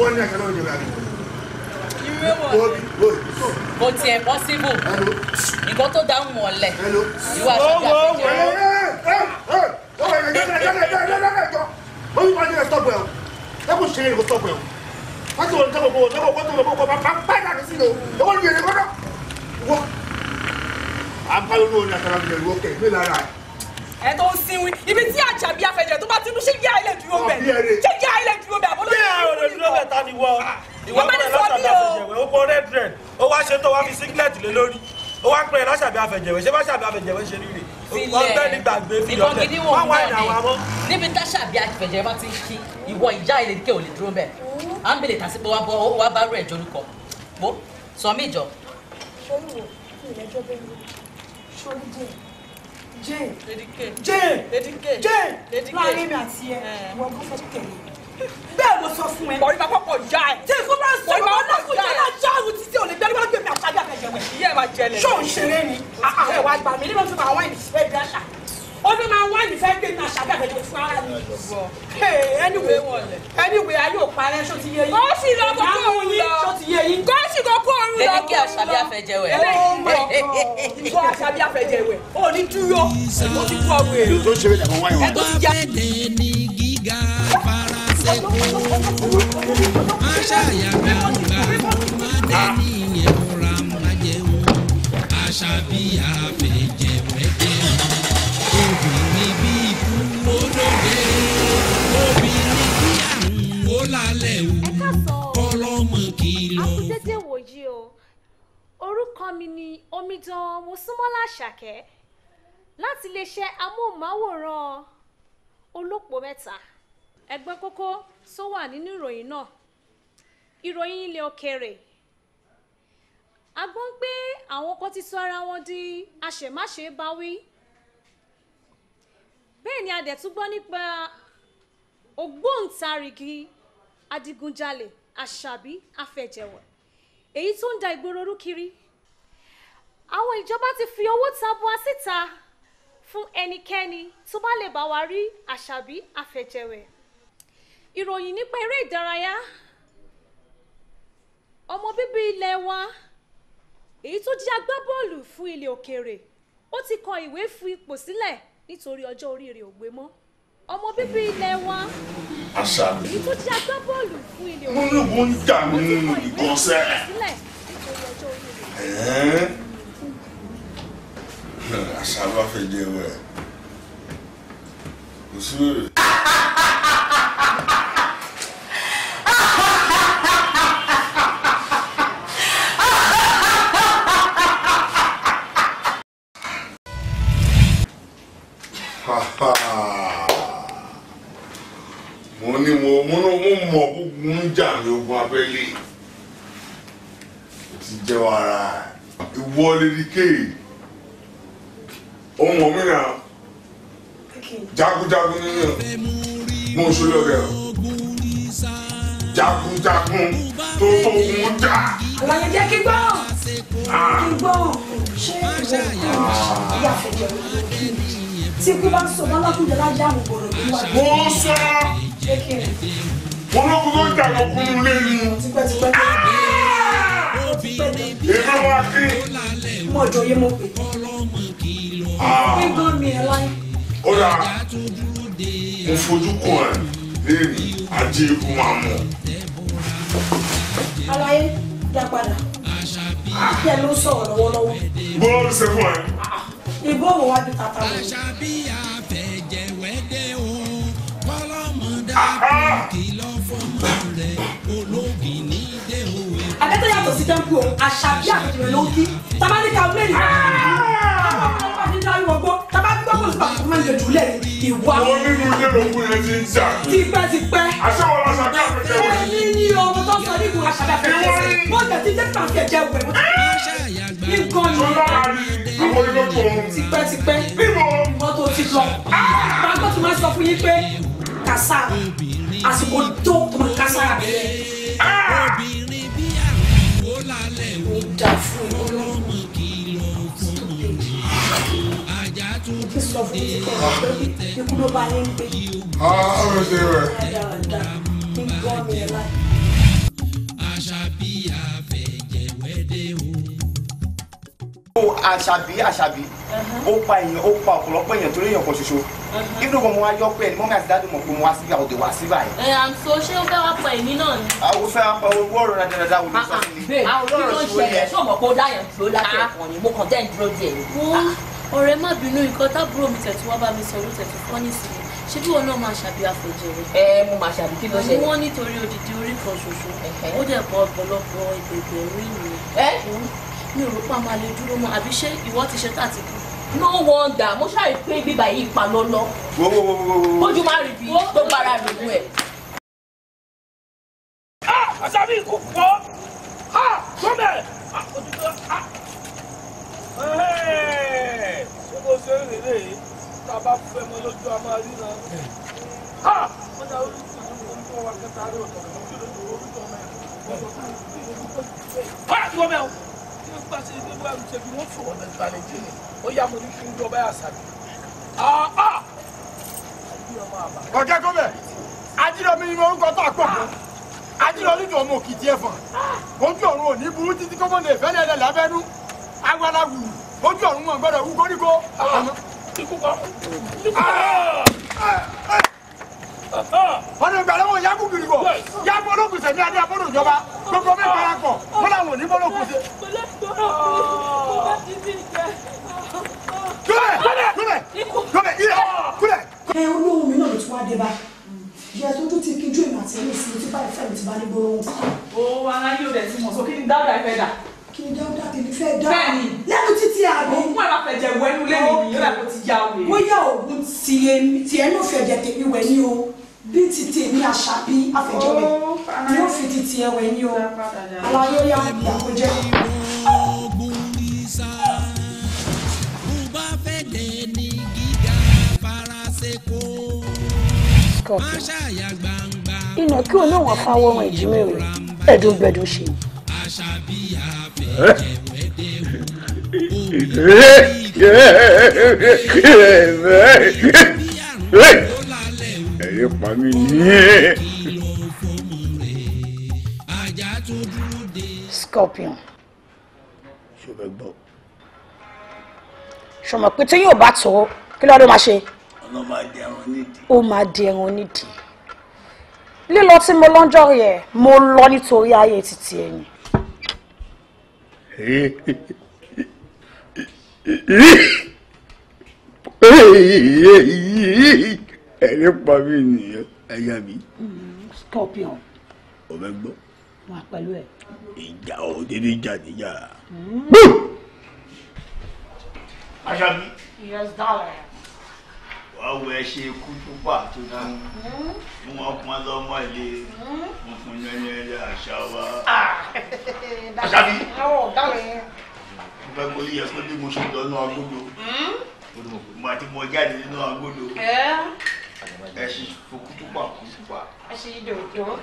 wọ́n ní àkànná òjò rẹ̀ kò tiẹ̀ pọ́síbù nǹkan tó dáhùn mọ̀ ọ̀lẹ̀ ìwà sọ́jà fìjà wọ́n ti wọ́n tẹ́wọ̀ bọ̀ tẹ́wọ̀ bọ̀ tẹ́wọ̀ bọ̀ bá bá dàbí sí lò owó ni èrè gbọ́dọ̀ wọ́n. àbáyọ̀ ló ní àtàrà mi lè wọ́kẹ̀ ní lára ẹ̀ ẹ tó ń sinwi ibi tí àjàbí afẹjẹ tó bá ti dún ṣé jẹ́ àìlè dúró bẹ̀ ṣé jẹ́ àìlè dúró bẹ̀ àbólóyè ìwé dúró bẹ̀ ta ni wọ ah, ìwọ pẹ̀lẹ́ lọ́sàbí afẹjẹ̀wẹ̀ ó kó red red ó wá ṣe tó wá fi singlet lé lórí ó wá pẹ̀lẹ́ lọ́sàbí afẹjẹ̀wẹ̀ ṣé bá ṣàbí afẹjẹ̀wẹ̀ ṣe rí rè ọgbẹ́ ní gbàgbé fi ọ̀tẹ̀ wá wá ìdáwà mọ́. níbi tá ṣàbí afẹjẹ̀wẹ̀ bá ti ń kí ìwọ ìjà ilé kí o lè dúró bẹ́ẹ̀ à ń bèlè tàṣípò wa bọ́ wa bá rẹ̀ jorúkọ bó sọ mí ìjọ. ṣolúwo kí ìrẹjọ bẹ́ẹ̀ ni ṣolú díẹ̀ jane jane jane láàrin mi àti ẹ eh. ìwọ gbọ́ fẹ́ tẹ̀lé bẹ́ẹ̀ mo sọ fún ẹ. mọ̀rí máa kọ́kọ̀ já ẹ. jẹ́ kó máa sọ ọmọ ọlọ́kùn jẹ́ náà já òun títí òní gbẹ́rú máa gbé mi àpájà kẹjẹ wẹ̀. ìyá ẹ máa jẹlẹ. ṣé òun ṣeré ni àwọn ẹ̀wà àgbà mi nígbà tó máa wọ́n ìdí ó ní máa wá ìfẹ́ gbé ní àṣà bẹ́ẹ̀ fún ara mi. anyway anyway ayé ò parẹ́ ṣó ti yé yín. ó sì lọ kó òun lọ ṣó ti yé yín. ó sì lọ kó òun lọ. eléyìí kí àṣà bí afẹjẹwẹ. eléyìí oh kó àṣà bí afẹjẹwẹ. ó ní dúró ó ti dúró wẹ̀. èyí tó ń ṣe bẹ́ẹ̀ ni àwọn wáyé wọn. ẹgbẹ́ bẹ́ẹ̀ ni gíga ìyẹn rọra má jẹun àṣà bí òde obìnrin tí àrùn o kọ́lọ́mọ kìlọ̀. àti dédé wòyí o orúkọ mi ni omidan mosúnmọ́lá ṣàkẹ́ láti iléeṣẹ́ amóhùnmáwòrán olóòpó mẹ́ta ẹgbẹ́ kókó tó wà nínú ìròyìn náà ìròyìn ilẹ̀ òkèèrè a gbọ́ pé àwọn kan ti sọ ara wọn di àṣemáṣe báwí bẹ́ẹ̀ ni a dẹ̀ tún gbọ́ nípa ògbóǹtarìgì adigunjalè àṣàbí afẹ̀jẹ̀wọ̀ èyí tó ń da ìgboro rú kiri àwọn ìjọba ti fi owó tabua síta fún ẹnikẹ́ni tó bá lè bá wa rí àṣàbí afẹ̀jẹ̀wẹ̀ ìròyìn nípa eré ìdárayá ọmọ bíbí ilẹ̀ wa èyí tó jẹ́ agbábọ́ọ̀lù fún ilẹ̀ òkèèrè ó ti kọ ìwé fi ipò sílẹ̀ nítorí ọjọ́ orí rẹ̀ ò gbé mọ́ ọmọ bíbí ilẹ̀ wa èyí tó jẹ́ agbábọ́ọ̀lù fún ilé òkú mo ní wọ́n ń dà nínú ìgbọ̀nsẹ̀ àṣà bá fẹ́ jẹ́ wẹ̀ kò sí wẹ̀rẹ̀. mọ̀ gbógun ń jà mí ogun abẹ́lé ó ti jẹ́wọ́ ara ìwọ lédìké ohun òmíràn jagunjagun nínú mo ń sọlọ jagunjagun tó tó ń jà. àlàyé jẹ́ kí gbọ́ ah. kí gbọ́ ṣé ìwọ ah. ìyá fẹ́ tí kú bá ń sọ bá lákùnjẹ́ lájà àwọn òbòrò tó wà. mo sọ olókùn tó ń jà lọ kún un lẹ́nu. èmi wá kí. mo jọ yé mo pè. gbígbọ́n mi ẹ̀ láyé. ó dà mo fojú kàn ẹ́ léèrè ajé ikú máa mọ̀. aláyé dá padà kí ẹ ló sọ̀rọ̀ lọ́wọ́lọ́wọ́. bọ́lá ló ṣe fún ẹ. ìbò wò wá di tata wò. àṣà ah, ah. Abẹ́tẹ̀ yàtọ̀ sí tẹ́ńkù o, àṣà bí àpèjìmẹ̀ ló kí. Tábà ní ká wúlẹ̀ nìkan. Àwọn ọmọ ìdílé ayé wọgbọ́, tábà gbọ́ kó sùpà kó máa ń jẹ̀jú lẹ̀ ìwà. Àwọn nínú ilé ló kú yẹn ti ń jà. Tipẹ́ tipẹ́. Àṣà wọn la ṣàbí àpèjẹ wẹ̀. Bẹ́ẹ̀ni ni o, mo tọ́ sọ nígun àṣà bí àpèjẹ wẹ̀. Mo jẹ̀ ti dé pàǹkẹ̀jẹ̀ wẹ̀. Nǹkan yìí àwọn ilé tó ń. tipẹ́tipẹ́. bímọ. mọ́tò ti lọ. màá gbọ́dọ̀ máa sọ fún yín pé kàṣà àsìkò tó máa ká sára bẹ́ẹ̀. Ah! obìnrin bí àwọ̀ lálẹ́ wò dá fún ọlọ́mọ kì í lọ fún òní. ajá tó dúró dé ikú ló bá yín gbé. ọ̀rọ̀ ah, ṣe o. pa èèyàn ó pa ọ̀pọ̀lọpọ̀ èèyàn torí èèyàn kan ṣoṣo inú mo wá yọ pé ẹni mọ́mí àti dáàdì mọ̀ pé mo wá síbí àwọn òde wá síbí àyè. ẹ à ń sọ ṣé o fẹ́ wá pa èmi náà ni. àwọn o fẹ́ wá pa owó ọ̀rọ̀ náà dáadáa wò ló sọ sí mi. Ah, ah. bẹ́ẹ̀ kí ló ń ṣẹlẹ̀ ṣé o mọ̀ pé ó dáyàn dúró láti ah. ẹ̀kọ́ ni mo kàn dẹ́n dúró díẹ̀ ni. ọ̀rẹ́ má bínú nǹkan tábúrò mi tẹ̀tù wá bá mi sọ orí tẹ̀tù fọ́ nísìnyí ṣé bí wọn náà máa ṣàbí àfẹjẹrẹ. ẹ mo máa ṣàbí kí ló ṣẹlẹ̀. wọn nítorí odidi orí kan ṣoṣo ó dẹ̀ bọ ọ̀pọ̀lọpọ̀ ìgbẹ̀gbẹ̀rún ìnìyẹn. mi no wonder mo ṣáà rí pé bíbá yìí pa lọ́lọ́ ojú máa rí bí tó bára rí mú ẹ̀. Ah, àṣàbí ikú pọ̀ gómẹ̀ ah, ah, ṣé mo ṣe ń rèé tá a bá fẹ́ mọ lójú a máa rí náà wọ́n dá orí ìṣòro tó ń bọ̀ wá kẹta rẹ̀ ọ̀tọ̀ lójú lójú orí tó mẹ́rin wọ́n sọ fún nígbà tí nígbà tí ebi wọn fò wọn lẹsùn alẹ jẹ ní ó yá mo ní fi ń lọ báyà sáré aa ọ̀gá gómẹ̀ ajínlọ́mí ni orúkọ tó àpọ̀ kọ́ ajínlọ́mí ni ọmọ òkìtì ẹ̀fọ̀n ojú ọ̀run òní burú títí kọ́mọ́ lè fẹ́ lẹ́lẹ́ lábẹ́nú agbada wù ojú ọ̀run wọn gbọ́dọ̀ wú kóríkó. Ah, ikú kan ọdún ìgbà lọ́wọ́ yagu gidi kọ yagu olókùn sẹ̀ ní adé abọ́dọ̀ ìjọba gbogbo bẹ́ẹ̀ bára kọ wọ́n làwọn ò ní bọ́ lókùn sí. kúlẹ̀ kúlẹ̀ kúlẹ̀ ilẹ̀ kúlẹ̀. ẹ olóhùn mi náà ló ti wá dé bá yẹ tó tó ti kíjú èmi àti ẹni ìsinmi tó bá ìfẹ́ ti bá ní gbólóhùn. ó aláyé ò dẹ̀ ti mọ̀ sókè ní dáadáa ìfẹ́ dà kí ni dáwọ́ dáwọ́ tèmi fẹ́ dáwọ́ bẹ́ẹ̀ni lẹ́nu títí àbí òògùn ẹ̀rọ afẹ́jẹ̀ wẹ́nu lẹ́nu mi yóò dàgbò ti yá wẹ̀. bóyá òògùn tiẹ̀ ní òfẹ́jẹ̀ tèmi wẹ̀ ní o bí ti tèmi àṣà bí afẹ́jẹ̀ wẹ̀ ní ó fi ti tiẹ̀ wẹ̀ ní o alayé yá àkójẹ́. ìnà kí olóhùn afáwọ́ wọn ìjímẹ̀wé ẹ̀dùn gbẹ̀dùn ṣe. àṣà bíi ẹ̀yin pa mí ní. Scorpion. ṣé o fẹ́ gbọ́. ṣọmọ pé tí yóò bá tó kí lọ́dún máa ṣe. ọ̀nà máa di ẹran nídìí. ó máa di ẹran nídìí. lílọ tí mo lọ́jọ́ yẹn mo lọ nítorí ayé títí ẹ̀yìn ẹni pa mí nìyẹn ẹyà mi. Mm-hmm. scorpion. o bẹ gbọ́. wà pẹ̀lú ẹ. ìjà ò dédé jà níjà. Àṣàbí. Mm-hmm. yes darling wàá wọ ẹṣẹ ikú púpà tuntun ni wọn pọn lọmọ ilé hmm. funfun yẹnyẹ ilé àṣà wa. Ah. àṣà mi mo fẹ́ mo yẹ kó bí mo ṣe lọ náà gbódò hmm. mo àti mo jáde nínú agbódò eh? ẹṣin fokútúpà kútúpà. ẹṣin dòdò.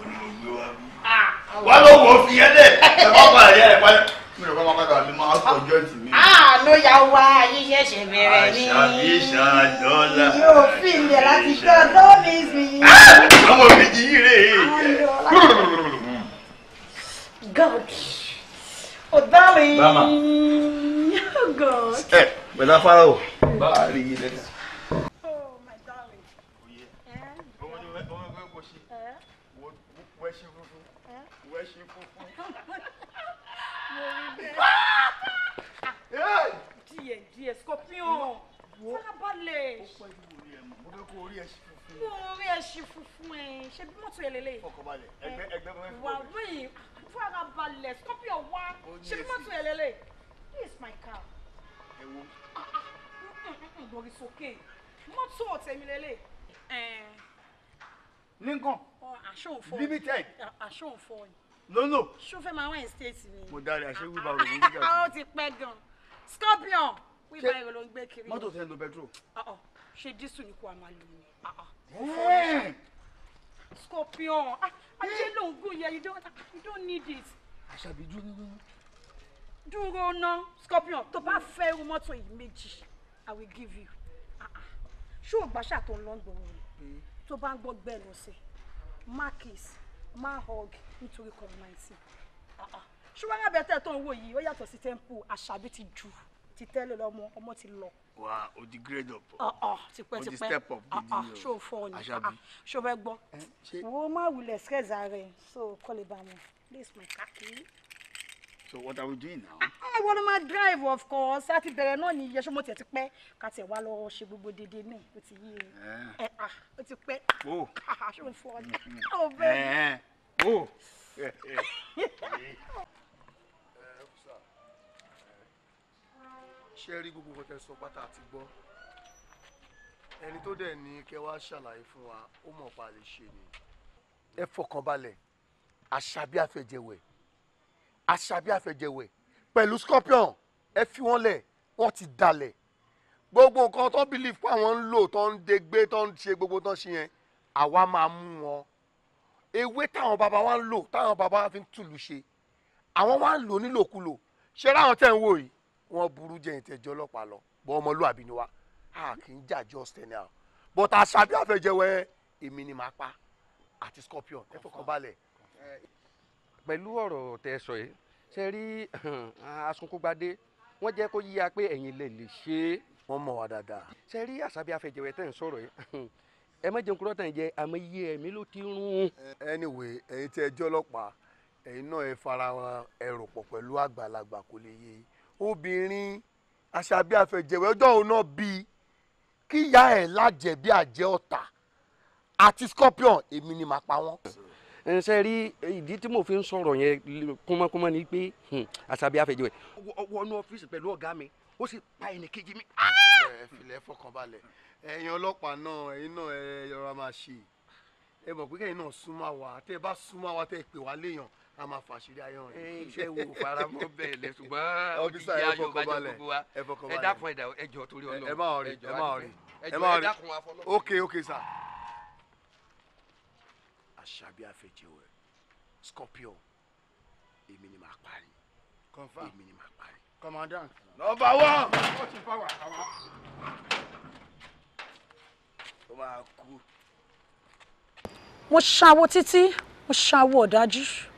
òní ló gbé wá bí. Ah, wàá lọ wọ fi yẹn dẹ ẹ bá bàa yẹ ẹ mi ò bá wọn padà lè máa sọ jọ́ǹtì mi. àánú ah, ya wá ayé ṣẹ̀ṣẹ̀ bẹ̀rẹ̀ ni. àṣàbí ṣàdọ́là. yóò fi ilẹ̀ láti tọ́ lómi mi. Ah! ọmọ mi jì rè é. God o oh, darling. bàmà. Oh, God. ẹ eh, pẹ̀lú afárá o. bá a rí i lẹ́nu. díẹ̀ díẹ̀ scorpion farabalẹ̀. ó mo fẹ́ kó funfun. ẹ ṣe bí mọ́tò ẹ lélẹ̀. fọkànbalẹ̀ ẹgbẹ́ ẹgbẹ́ scorpion wá ṣe bí mọ́tò ẹ is my car. ẹ wo. lórí ah, ah. sókè mọ́tò tèmi lélẹ̀. lincoln. aṣọ òfò. limited. aṣọ òfò. lolo. ṣó fẹ́ máa wá ẹ̀ stéètì ni. mo darí àṣẹ wíwá òròmí gíga. ó ti pẹ́ gan-an scorpion wíwáyé ló ń gbé kiri. mọ́tò tẹ́ ń lo petrol. Uh-uh. ṣe dísù ni kò àmà lò ní. Uh-uh. scorpion ah, ajé ló ń gún yẹn you don't you don't need it. àṣàbí dúró. dúró ná scorpion tó bá fẹ́ irú mọ́tò yìí méjì i will give you. Uh-uh. ṣé o gbàṣà tó ń lọ gbòòrò rẹ̀ tó bá ń gbọ́ gbẹ́ lọ sí markis mahog nítorí covid nineteen ṣùgbọ́n abẹ́tẹ̀ tó ń wò yìí ó yàtọ̀ sí tẹ́ḿpù àṣàbí ti ju ti tẹ́lẹ̀ lọ́mọ ọmọ ti lọ. wà o di grade up. ọ̀ọ̀ tipẹ́tipẹ́ o di step up gidi o ṣó fọ ni ṣó fẹ́ gbọ́. wo má wulẹ̀ skẹ́za rẹ̀ so kọ́lé bá mi this my khaki. so what are we doing now. ẹ ah, ah, wọ́n ló máa drive of course àti bẹ̀rẹ̀ náà ni yẹsọ́ mo tiẹ̀ ti pẹ́ ká tiẹ̀ wá lọ ṣe gbogbo dédé náà o ti yé e ẹ à o ti pẹ́ ah, ṣó fọ ni. ẹ ẹ o. ṣe rí gbogbo nǹkan tẹ́ sọ pátá àti gbọ́ ẹni tó dẹ̀ ní kẹ́ wá ṣàlàyé fún wa ó mọ̀ pa lè ṣe ni. ẹ fọkàn balẹ̀ àṣàbí àfẹjẹwẹ̀ àṣàbí àfẹjẹwẹ̀ pẹ̀lú scorpion ẹ fi wọ́n lẹ̀ wọ́n ti dalẹ̀ gbogbo nǹkan tó ń believe pé àwọn ń lò tó ń degbé tó ń ṣe gbogbo tó ń ṣe yẹn àwa máa mú wọn ewé táwọn baba wa ń lò táwọn baba wa fi ń tùlù ṣe àwọn wa ń lò nílòkulò ṣé láwọn tẹ̀ ń wò yìí wọ́n burú jẹ́ ìtẹ̀jọ́ ọlọ́pàá lọ bọ́ ọmọlúwàbí ni wa a kì í jà just anyhow but àṣàbí àfẹjẹwẹ èmi ni màá pa àti scorpion ẹ fọkàn balẹ̀. pẹ̀lú ọ̀rọ̀ tẹ sọ yìí ṣe rí asunkúgbadé wọ́n jẹ́ kó yíya pé ẹ̀yin lè lè ṣe é. wọ́n mọ̀ wá dáadáa. ṣe rí àṣàbí àfẹjẹwẹ tẹ̀ ń sọ̀rọ̀ yìí ẹ má jẹun kúrọ́tàn jẹ àmọ́ iye ẹ̀mí ló ti rún. anyway ẹ̀yin tí ẹ jọ́ ọlọ́pàá ẹ̀yin náà ẹ fara ẹrù pọ̀ pẹ̀lú àgbàlagbà kò lè yé e obìnrin àṣàbí àfẹ̀jẹ̀wé ọjọ́ òun náà bíi kíyà ẹ̀ lájẹ̀ bí àjẹ́ ọ̀tà àti scorpion èmi ni màá pa wọ́n. ṣe rí ìdí tí mo fi ń sọ̀rọ̀ yẹn kúmọ́kúmọ́ ni pé hmm, àṣàbí àfẹ̀jẹ̀wé. wọnú ọ́fíìsì pẹ̀lú ọ̀gá mi ó sì pa ẹnì kejì mi. ẹ filẹ̀ fọkànbalẹ̀ ẹ̀yin ọlọ́pàá náà ẹ̀yin náà ẹ yọra máa ṣe ẹ mọ̀ pé kẹ́yìn náà súnmọ́ àwa tẹ́ ẹ bá súnmọ́ àwa tẹ́ ẹ pè wá léèyàn a máa fàṣírí ayọ̀ rẹ̀. iṣẹ́ wo faramọ́ bẹ́ẹ̀ lẹ ṣùgbọ́n ìyá yorùbá jẹ́ gbogbo wa ẹ dákun ẹ̀dá ẹjọ́ torí ọlọ́run ẹ máa rí ẹ máa rí ẹ máa rí ok ok sir. àṣàbí àfẹjẹwẹ scorpion èmi ni màá parí èmi ni màá parí. commandant. nọ́mbà one. ó máa kú. mo ṣàwo títí mo ṣàwo ọ̀dájú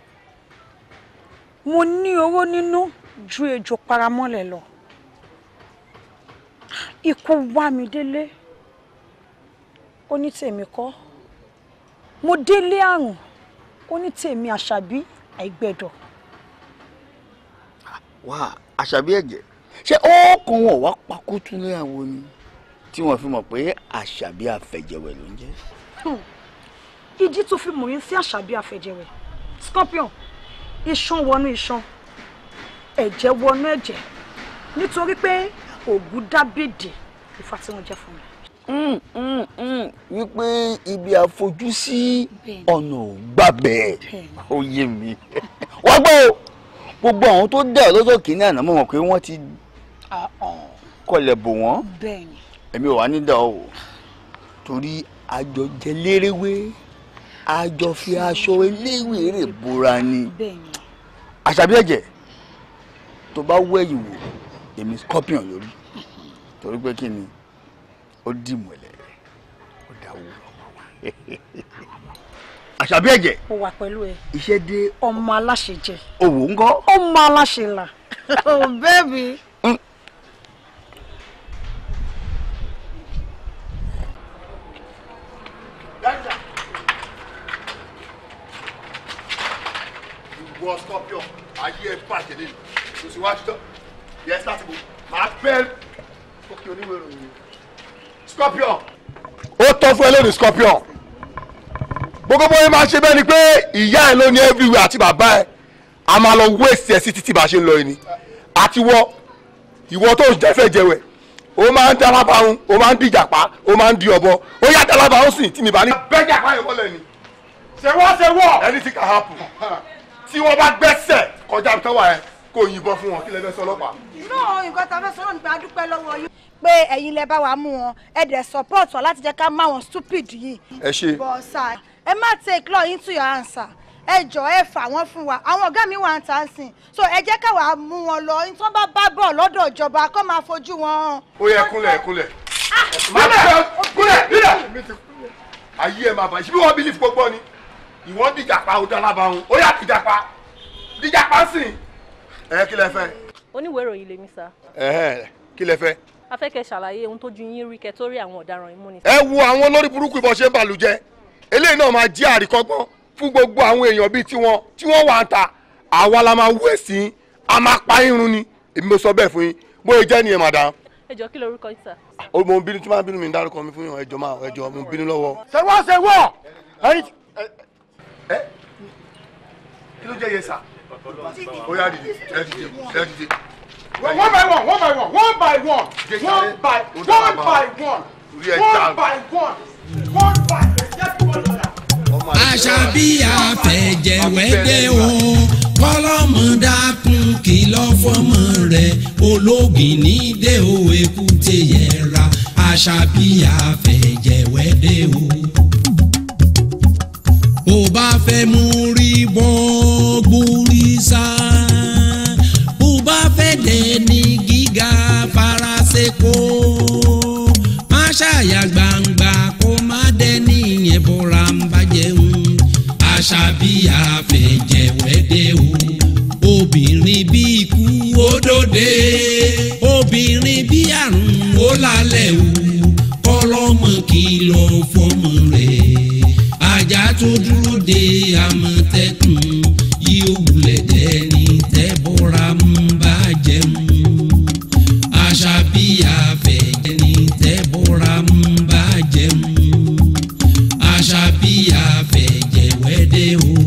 mo ní owó nínú ju ejò paramọ́lẹ̀ lọ ikú wá mi délé ó ní tèmi kọ́ mo délé àrùn ó ní tèmi àṣàbí àìgbẹ̀dọ̀. wà á àṣàbí ẹ̀jẹ̀ ṣé ó kàn wọ́n wá pakútú léyàwó ni tí wọ́n fi mọ̀ pé àṣàbí àfẹ̀jẹ̀wẹ̀ ló ń jẹ́. Hmm. ìdí tó fi mọ̀ yín sí àṣàbí àfẹ̀jẹ̀wẹ̀ scorpion iṣan wọnú iṣan ẹ̀jẹ̀ wọnú ẹ̀jẹ̀ nítorí pé ògùn dábìdì ìfà tí wọ́n jẹ́ fún mi. Hmm, hmm, hmm. wípé ibi àfojúsí ọ̀nà ò gbàbẹ̀ ó yé mi wọ́n gbọ́ gbogbo àwọn tó dẹ̀ lọ́jọ́ kìíní àná mọ̀ wọ́n pé wọ́n ti kọlẹ̀ bò wọ́n èmi ò wá ní dà o torí àjọ jẹ lérewé àjọ fi aṣọ eléwèrè bora ni. Bẹ́ẹ̀ni àṣàbí ẹ̀jẹ̀ tó bá wẹ̀yìn wò èmi scorpion lórí torí pé kí ni ó dì mọ̀lẹ́ ó dà wò ọmọ wa àṣàbí ẹ̀jẹ̀. ó wà pẹ̀lú ẹ iṣẹ́ dé ọmọ aláṣẹ jẹ òwò ńkọ́. ọmọ aláṣẹ là bẹ́ẹ̀ mi. Boa, Scorpion ayé ẹ bàjẹ́ lẹ́nu kò sí wájú tán yẹ sátìmù máa bẹ́ẹ̀ ókè oníwèé ìròyìn scorpion. ó tọ́ fún ẹ lónìí scorpion gbogbo bóyá máa ṣe bẹ́ẹ̀ ni pé ìyá ẹ ló ní everywhere àti bàbá ẹ a máa lọ wéèsì ẹ sí títí bá a ṣe ń lọ yìí ni àti wọ ìwọ tó ń jẹ́fẹ́ jẹwẹ́ o máa ń dalaba ń o máa ń di ìjàpá o máa ń di ọ̀bọ ó yá dalaba ń sìn tí mi bá ní. bẹ́ẹ̀ jàpá ìwọlẹ̀ ni ṣe wọ́ ṣe wọ́. anything can happen. tí wọ́n bá gbẹ́sẹ̀ kọjá tó wà ẹ kó yìnbọn fún wọn kí lẹ fẹ́ sọ nǹkan tá a fẹ́ sọ náà nípa adúpẹ́ lọ́wọ́ yín. pé ẹ̀yin lẹ bá wa mú wọn ẹ dẹ̀ support wọn láti jẹ́ ká má wọn stupid yìí. ẹ ṣe. bọ́sà ẹ má take law into your answer ẹ jọ ẹ fà wọn fún wa àwọn ọgá mi wà ń tà ń so ẹ jẹ́ káwa mú wọn lọ tí wọ́n bá bọ̀ lọ́dọ̀ ìjọba kó máa fojú wọn. ó yẹ kúnlẹ̀ kúnlẹ̀. má ah! bẹ̀rẹ̀ kúnlẹ̀ ayé ẹ̀ máa bàjẹ́ bí wọ́n bí lífi gbogbo ni ìwọ́n dìjàpá ó dálábà òun ó yà dìjàpá dìjàpá sìn. ẹ kí lẹ fẹ́. oníwèé ìròyìn lèmi sá. ẹ kí lẹ fẹ́. a fẹ́ kẹ́ ṣàlàyé ohun tójú yín rí kẹ́ tó rí àwọn ọ̀daràn yìí mú ni. ẹ wo àwọn olórí burúkú ìbọn ṣe ń bàlùjẹ eléyìí náà máa jí àríkọ́gbọ́n fún gbogbo àwọn èèyàn bíi tiwọn tí wà ń ta àwa la máa wú ẹ̀sìn a máa pa irun ni èmi mo sọ bẹ́ẹ̀ fún yín bóyá jẹ́ nìyẹn madam. ẹ jọ kí lorúkọ yín sà. o mo bínú tí máa bínú mi ń dárúkọ mi fún yín ẹjọ máa ẹjọ mo bínú lọ́wọ́. ṣé wọ́n ṣe wọ́ kí ló jẹ́ yẹ sà ó yá dìde ẹ dìde ẹ dìde. one by one one by one one by one one by one by one one by one one by one. Àṣàbí àfẹ̀jẹ̀wẹ́dẹ́ o kọ́lọ́mù dákun kìlọ̀ fọ́mọ rẹ̀ ológin ní dé o èkúté yẹra Àṣàbí àfẹ̀jẹ̀wẹ́dẹ́ o bó bá fẹ́ mú rí bọ́n gbórí sá bó bá fẹ́ dẹni gíga faraṣẹ́ kó má ṣàyà gbangba kó má dẹni yẹn bọ́ra ń bàjẹ́ o àṣà bí àfẹ̀jẹ̀ wẹ́dẹ́ o obìnrin bí ikú ó dòde obìnrin bí àrùn ó lálẹ́ o kọ́lọ́mọ kìlọ̀ fọ́mọ rẹ̀ tó dúró de àmọ̀tẹ́kùn yíò wulẹ̀ dẹ́ni tẹ́ bọ́ra ń bá jẹun Àṣàbí àfẹ̀jẹ́ ni tẹ́ bọ́ra ń bá jẹun Àṣàbí àfẹ̀jẹ́ wẹ́dẹ́ o.